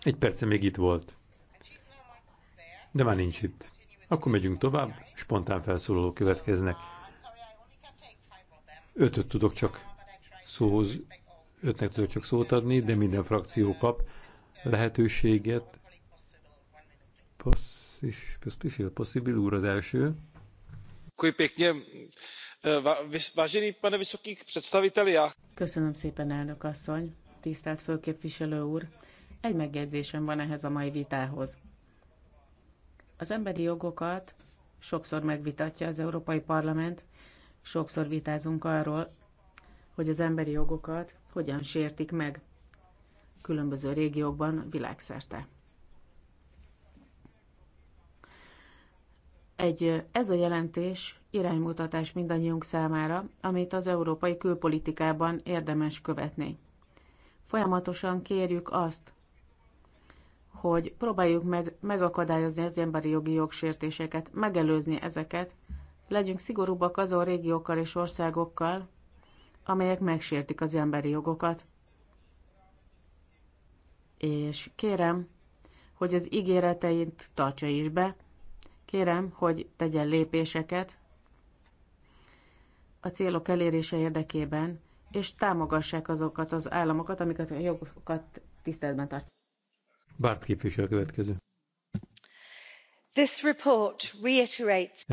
egy perce még itt volt. De már nincs itt. Akkor megyünk tovább, spontán felszólalók következnek. Ötöt tudok csak szóhoz, ötnek tudok csak szót adni, de minden frakció kap lehetőséget. Possible, possible úr az első. Eh, Köszönöm szépen, elnök asszony, tisztelt főképviselő úr. Egy megjegyzésem van ehhez a mai vitához. Az emberi jogokat sokszor megvitatja az Európai Parlament, sokszor vitázunk arról, hogy az emberi jogokat hogyan sértik meg különböző régiókban világszerte. Egy, ez a jelentés iránymutatás mindannyiunk számára, amit az európai külpolitikában érdemes követni. Folyamatosan kérjük azt, hogy próbáljuk meg megakadályozni az emberi jogi jogsértéseket, megelőzni ezeket, legyünk szigorúbbak azon régiókkal és országokkal, amelyek megsértik az emberi jogokat. És kérem, hogy az ígéreteit tartsa is be, kérem, hogy tegyen lépéseket a célok elérése érdekében, és támogassák azokat az államokat, amiket a jogokat tiszteletben tartják. Bart képviselő következő. This report reiterates...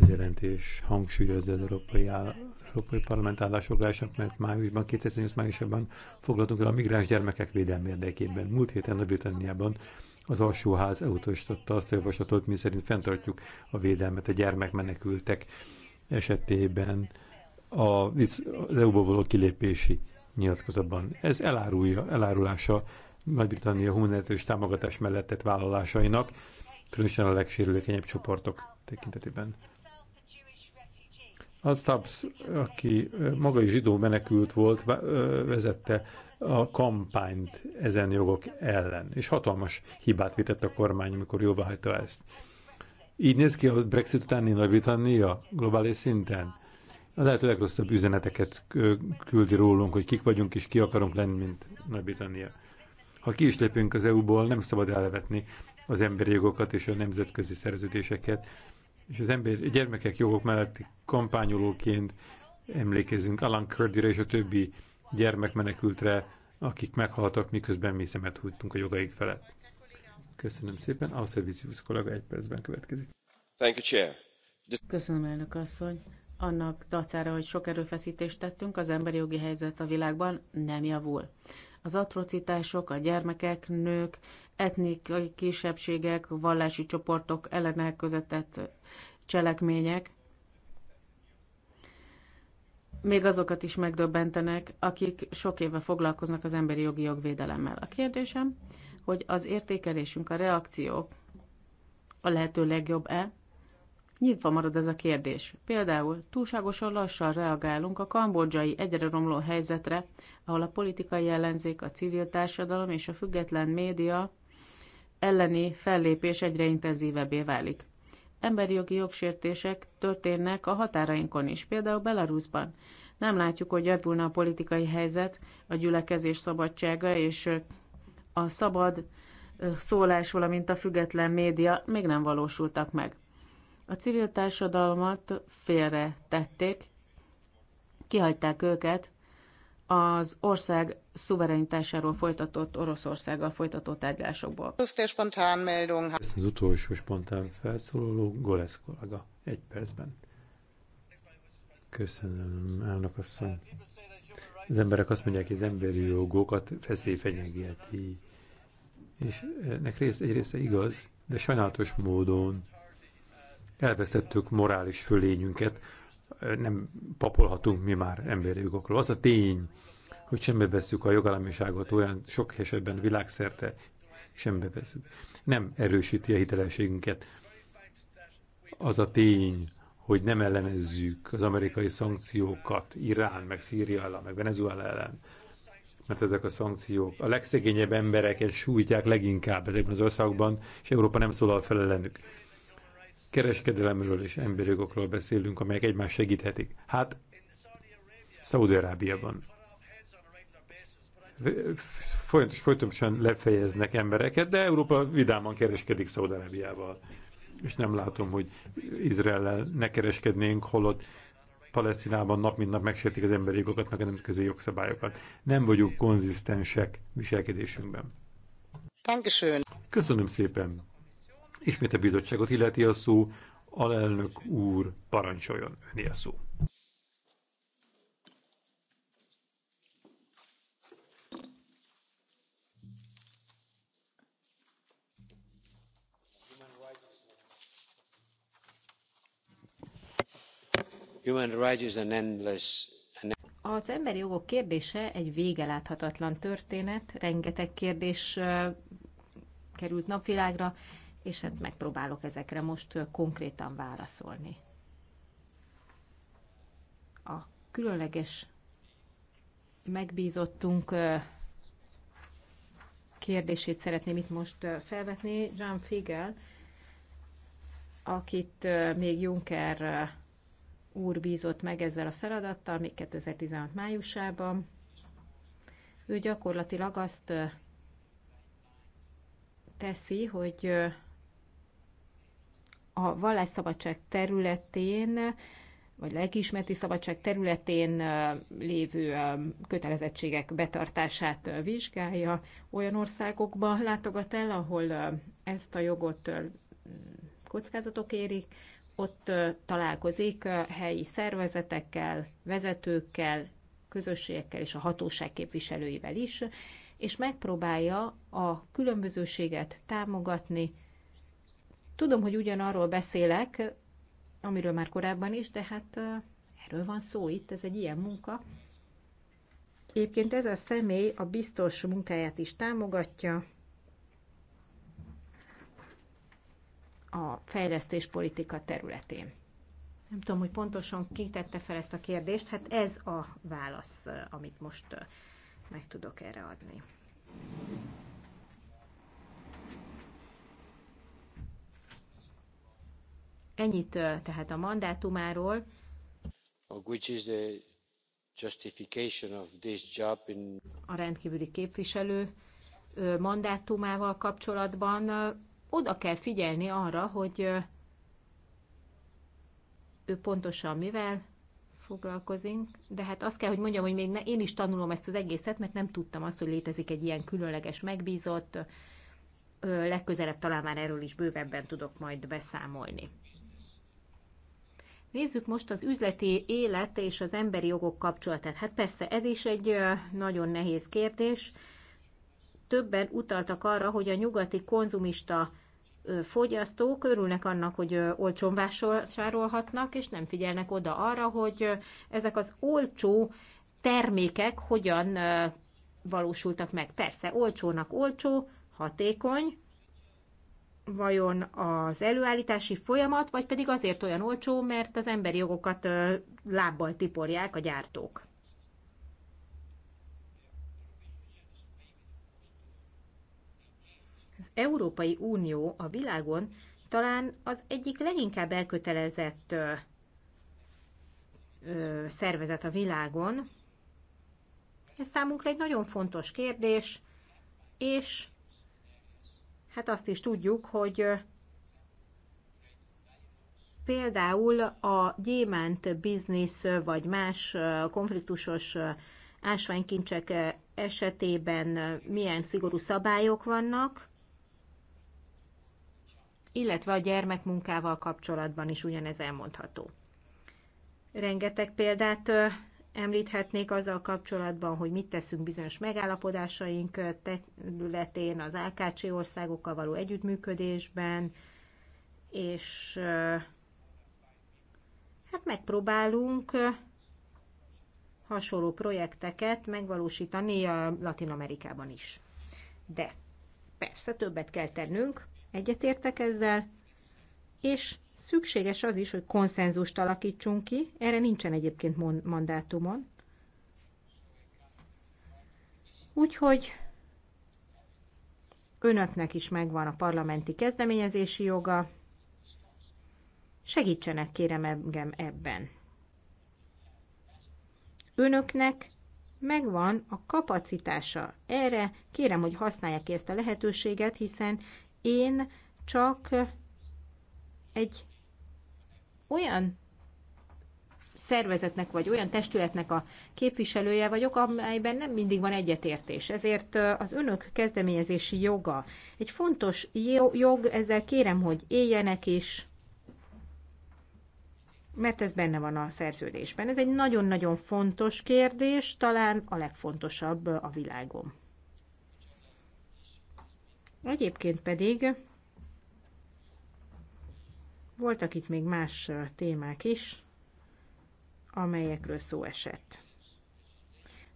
Ez jelentés. hangsúlyozza az Európai, áll, Európai Parlament állásfoglalását, mert májusban, 2008 májusában foglaltunk el a migráns gyermekek védelmi érdekében. Múlt héten a Britanniában az alsóház elutasította azt a javaslatot, mi szerint fenntartjuk a védelmet a gyermekmenekültek esetében a, az EU-ból való kilépési nyilatkozatban. Ez elárulja, elárulása nagy-Britannia humanitárius támogatás mellett tett vállalásainak, különösen a legsérülékenyebb csoportok tekintetében. Az Stubbs, aki maga is zsidó menekült volt, vezette a kampányt ezen jogok ellen, és hatalmas hibát vitett a kormány, amikor jóváhagyta ezt. Így néz ki a Brexit utáni Nagy-Britannia globális szinten. A lehető legrosszabb üzeneteket küldi rólunk, hogy kik vagyunk és ki akarunk lenni, mint Nagy-Britannia. Ha ki is lépünk az EU-ból, nem szabad elvetni az emberi jogokat és a nemzetközi szerződéseket. És az ember, gyermekek jogok mellett kampányolóként emlékezünk Alan Curdyre és a többi gyermekmenekültre, akik meghaltak, miközben mi szemet hújtunk a jogaik felett. Köszönöm szépen. Szervizius kollega egy percben következik. Thank you, Chair. Köszönöm, elnök asszony. Annak dacára, hogy sok erőfeszítést tettünk, az emberi jogi helyzet a világban nem javul. Az atrocitások, a gyermekek, nők, etnikai kisebbségek, vallási csoportok ellen elkövetett cselekmények, még azokat is megdöbbentenek, akik sok éve foglalkoznak az emberi jogi jogvédelemmel. A kérdésem, hogy az értékelésünk, a reakciók a lehető legjobb-e, Nyitva marad ez a kérdés. Például túlságosan lassan reagálunk a kambodzsai egyre romló helyzetre, ahol a politikai ellenzék, a civil társadalom és a független média elleni fellépés egyre intenzívebbé válik. Emberi jogi jogsértések történnek a határainkon is, például Belarusban. Nem látjuk, hogy javulna a politikai helyzet, a gyülekezés szabadsága és a szabad szólás, valamint a független média még nem valósultak meg. A civil társadalmat félre tették, kihagyták őket az ország szuverenitásáról folytatott, Oroszországgal folytatott tárgyalásokból. Ez az utolsó spontán felszólaló Golesz kollega. Egy percben. Köszönöm, elnök asszony. Az emberek azt mondják, hogy az emberi jogokat feszély fenyegeti. És ennek rész, egy része igaz, de sajnálatos módon Elvesztettük morális fölényünket, nem papolhatunk mi már emberi jogokról. Az a tény, hogy semmi veszük a jogállamiságot olyan sok esetben világszerte, semmi veszük. Nem erősíti a hitelességünket. Az a tény, hogy nem ellenezzük az amerikai szankciókat Irán, meg Szíria ellen, meg Venezuela ellen, mert ezek a szankciók a legszegényebb embereket sújtják leginkább ezekben az országban, és Európa nem szólal fel ellenük kereskedelemről és emberi jogokról beszélünk, amelyek egymást segíthetik. Hát, szaudi arábiában folyamatosan lefejeznek embereket, de Európa vidáman kereskedik Szaudarábiával. És nem látom, hogy Izrael ne kereskednénk, holott Palesztinában nap mint nap megsértik az emberi jogokat, meg a nemzetközi jogszabályokat. Nem vagyunk konzisztensek viselkedésünkben. Köszönöm szépen. Ismét a bizottságot illeti a szó, alelnök úr parancsoljon önni a szó. Az emberi jogok kérdése egy végeláthatatlan történet, rengeteg kérdés került napvilágra, és hát megpróbálok ezekre most konkrétan válaszolni. A különleges megbízottunk kérdését szeretném itt most felvetni. Jean Figel, akit még Juncker úr bízott meg ezzel a feladattal, még 2016 májusában. Ő gyakorlatilag azt teszi, hogy a vallásszabadság területén, vagy lelkiismereti szabadság területén lévő kötelezettségek betartását vizsgálja. Olyan országokba látogat el, ahol ezt a jogot kockázatok érik, ott találkozik helyi szervezetekkel, vezetőkkel, közösségekkel és a hatóság képviselőivel is, és megpróbálja a különbözőséget támogatni, Tudom, hogy ugyanarról beszélek, amiről már korábban is, de hát erről van szó itt, ez egy ilyen munka. Éppként ez a személy a biztos munkáját is támogatja, a fejlesztéspolitika területén. Nem tudom, hogy pontosan ki tette fel ezt a kérdést, hát ez a válasz, amit most meg tudok erre adni. Ennyit tehát a mandátumáról. Uh, a rendkívüli képviselő mandátumával kapcsolatban oda kell figyelni arra, hogy ő pontosan mivel foglalkozik, de hát azt kell, hogy mondjam, hogy még ne, én is tanulom ezt az egészet, mert nem tudtam azt, hogy létezik egy ilyen különleges megbízott, legközelebb talán már erről is bővebben tudok majd beszámolni. Nézzük most az üzleti élet és az emberi jogok kapcsolatát. Hát persze, ez is egy nagyon nehéz kérdés. Többen utaltak arra, hogy a nyugati konzumista fogyasztók örülnek annak, hogy olcsón vásárolhatnak, és nem figyelnek oda arra, hogy ezek az olcsó termékek hogyan valósultak meg. Persze, olcsónak olcsó, hatékony, vajon az előállítási folyamat, vagy pedig azért olyan olcsó, mert az emberi jogokat lábbal tiporják a gyártók. Az Európai Unió a világon talán az egyik leginkább elkötelezett ö, ö, szervezet a világon. Ez számunkra egy nagyon fontos kérdés, és hát azt is tudjuk, hogy például a gyémánt biznisz vagy más konfliktusos ásványkincsek esetében milyen szigorú szabályok vannak, illetve a gyermekmunkával kapcsolatban is ugyanez elmondható. Rengeteg példát említhetnék azzal kapcsolatban, hogy mit teszünk bizonyos megállapodásaink területén, az AKC országokkal való együttműködésben, és hát megpróbálunk hasonló projekteket megvalósítani a Latin Amerikában is. De persze többet kell tennünk, egyetértek ezzel, és Szükséges az is, hogy konszenzust alakítsunk ki, erre nincsen egyébként mandátumon. Úgyhogy önöknek is megvan a parlamenti kezdeményezési joga. Segítsenek kérem engem ebben. Önöknek megvan a kapacitása erre, kérem, hogy használják ki ezt a lehetőséget, hiszen én csak egy olyan szervezetnek vagy olyan testületnek a képviselője vagyok, amelyben nem mindig van egyetértés. Ezért az önök kezdeményezési joga egy fontos jog, ezzel kérem, hogy éljenek is, mert ez benne van a szerződésben. Ez egy nagyon-nagyon fontos kérdés, talán a legfontosabb a világon. Egyébként pedig voltak itt még más témák is, amelyekről szó esett.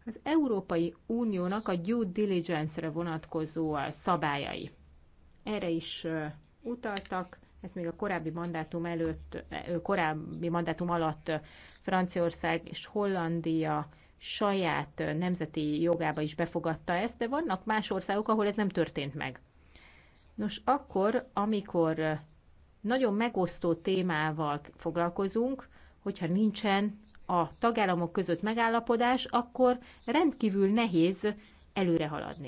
Az Európai Uniónak a due diligence-re vonatkozó szabályai. Erre is utaltak, ez még a korábbi mandátum előtt, korábbi mandátum alatt Franciaország és Hollandia saját nemzeti jogába is befogadta ezt, de vannak más országok, ahol ez nem történt meg. Nos, akkor, amikor nagyon megosztó témával foglalkozunk, hogyha nincsen a tagállamok között megállapodás, akkor rendkívül nehéz előre haladni.